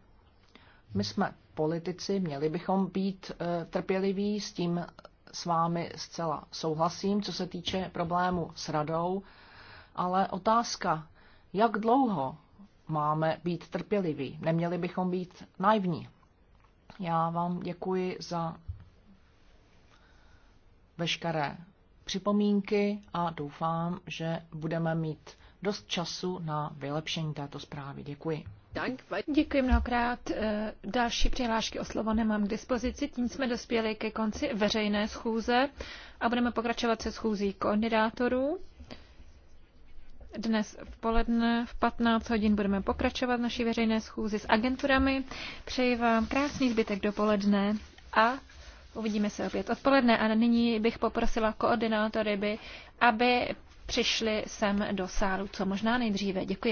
my jsme politici, měli bychom být eh, trpěliví, s tím s vámi zcela souhlasím, co se týče problému s radou, ale otázka, jak dlouho máme být trpěliví, neměli bychom být naivní. Já vám děkuji za veškeré připomínky a doufám, že budeme mít dost času na vylepšení této zprávy. Děkuji. Děkuji mnohokrát. E, další přihlášky o slovo nemám k dispozici. Tím jsme dospěli ke konci veřejné schůze a budeme pokračovat se schůzí koordinátorů. Dnes v poledne v 15 hodin budeme pokračovat naší veřejné schůzi s agenturami. Přeji vám krásný zbytek dopoledne a uvidíme se opět odpoledne. A nyní bych poprosila koordinátory, by, aby přišli sem do sálu co možná nejdříve. Děkuji.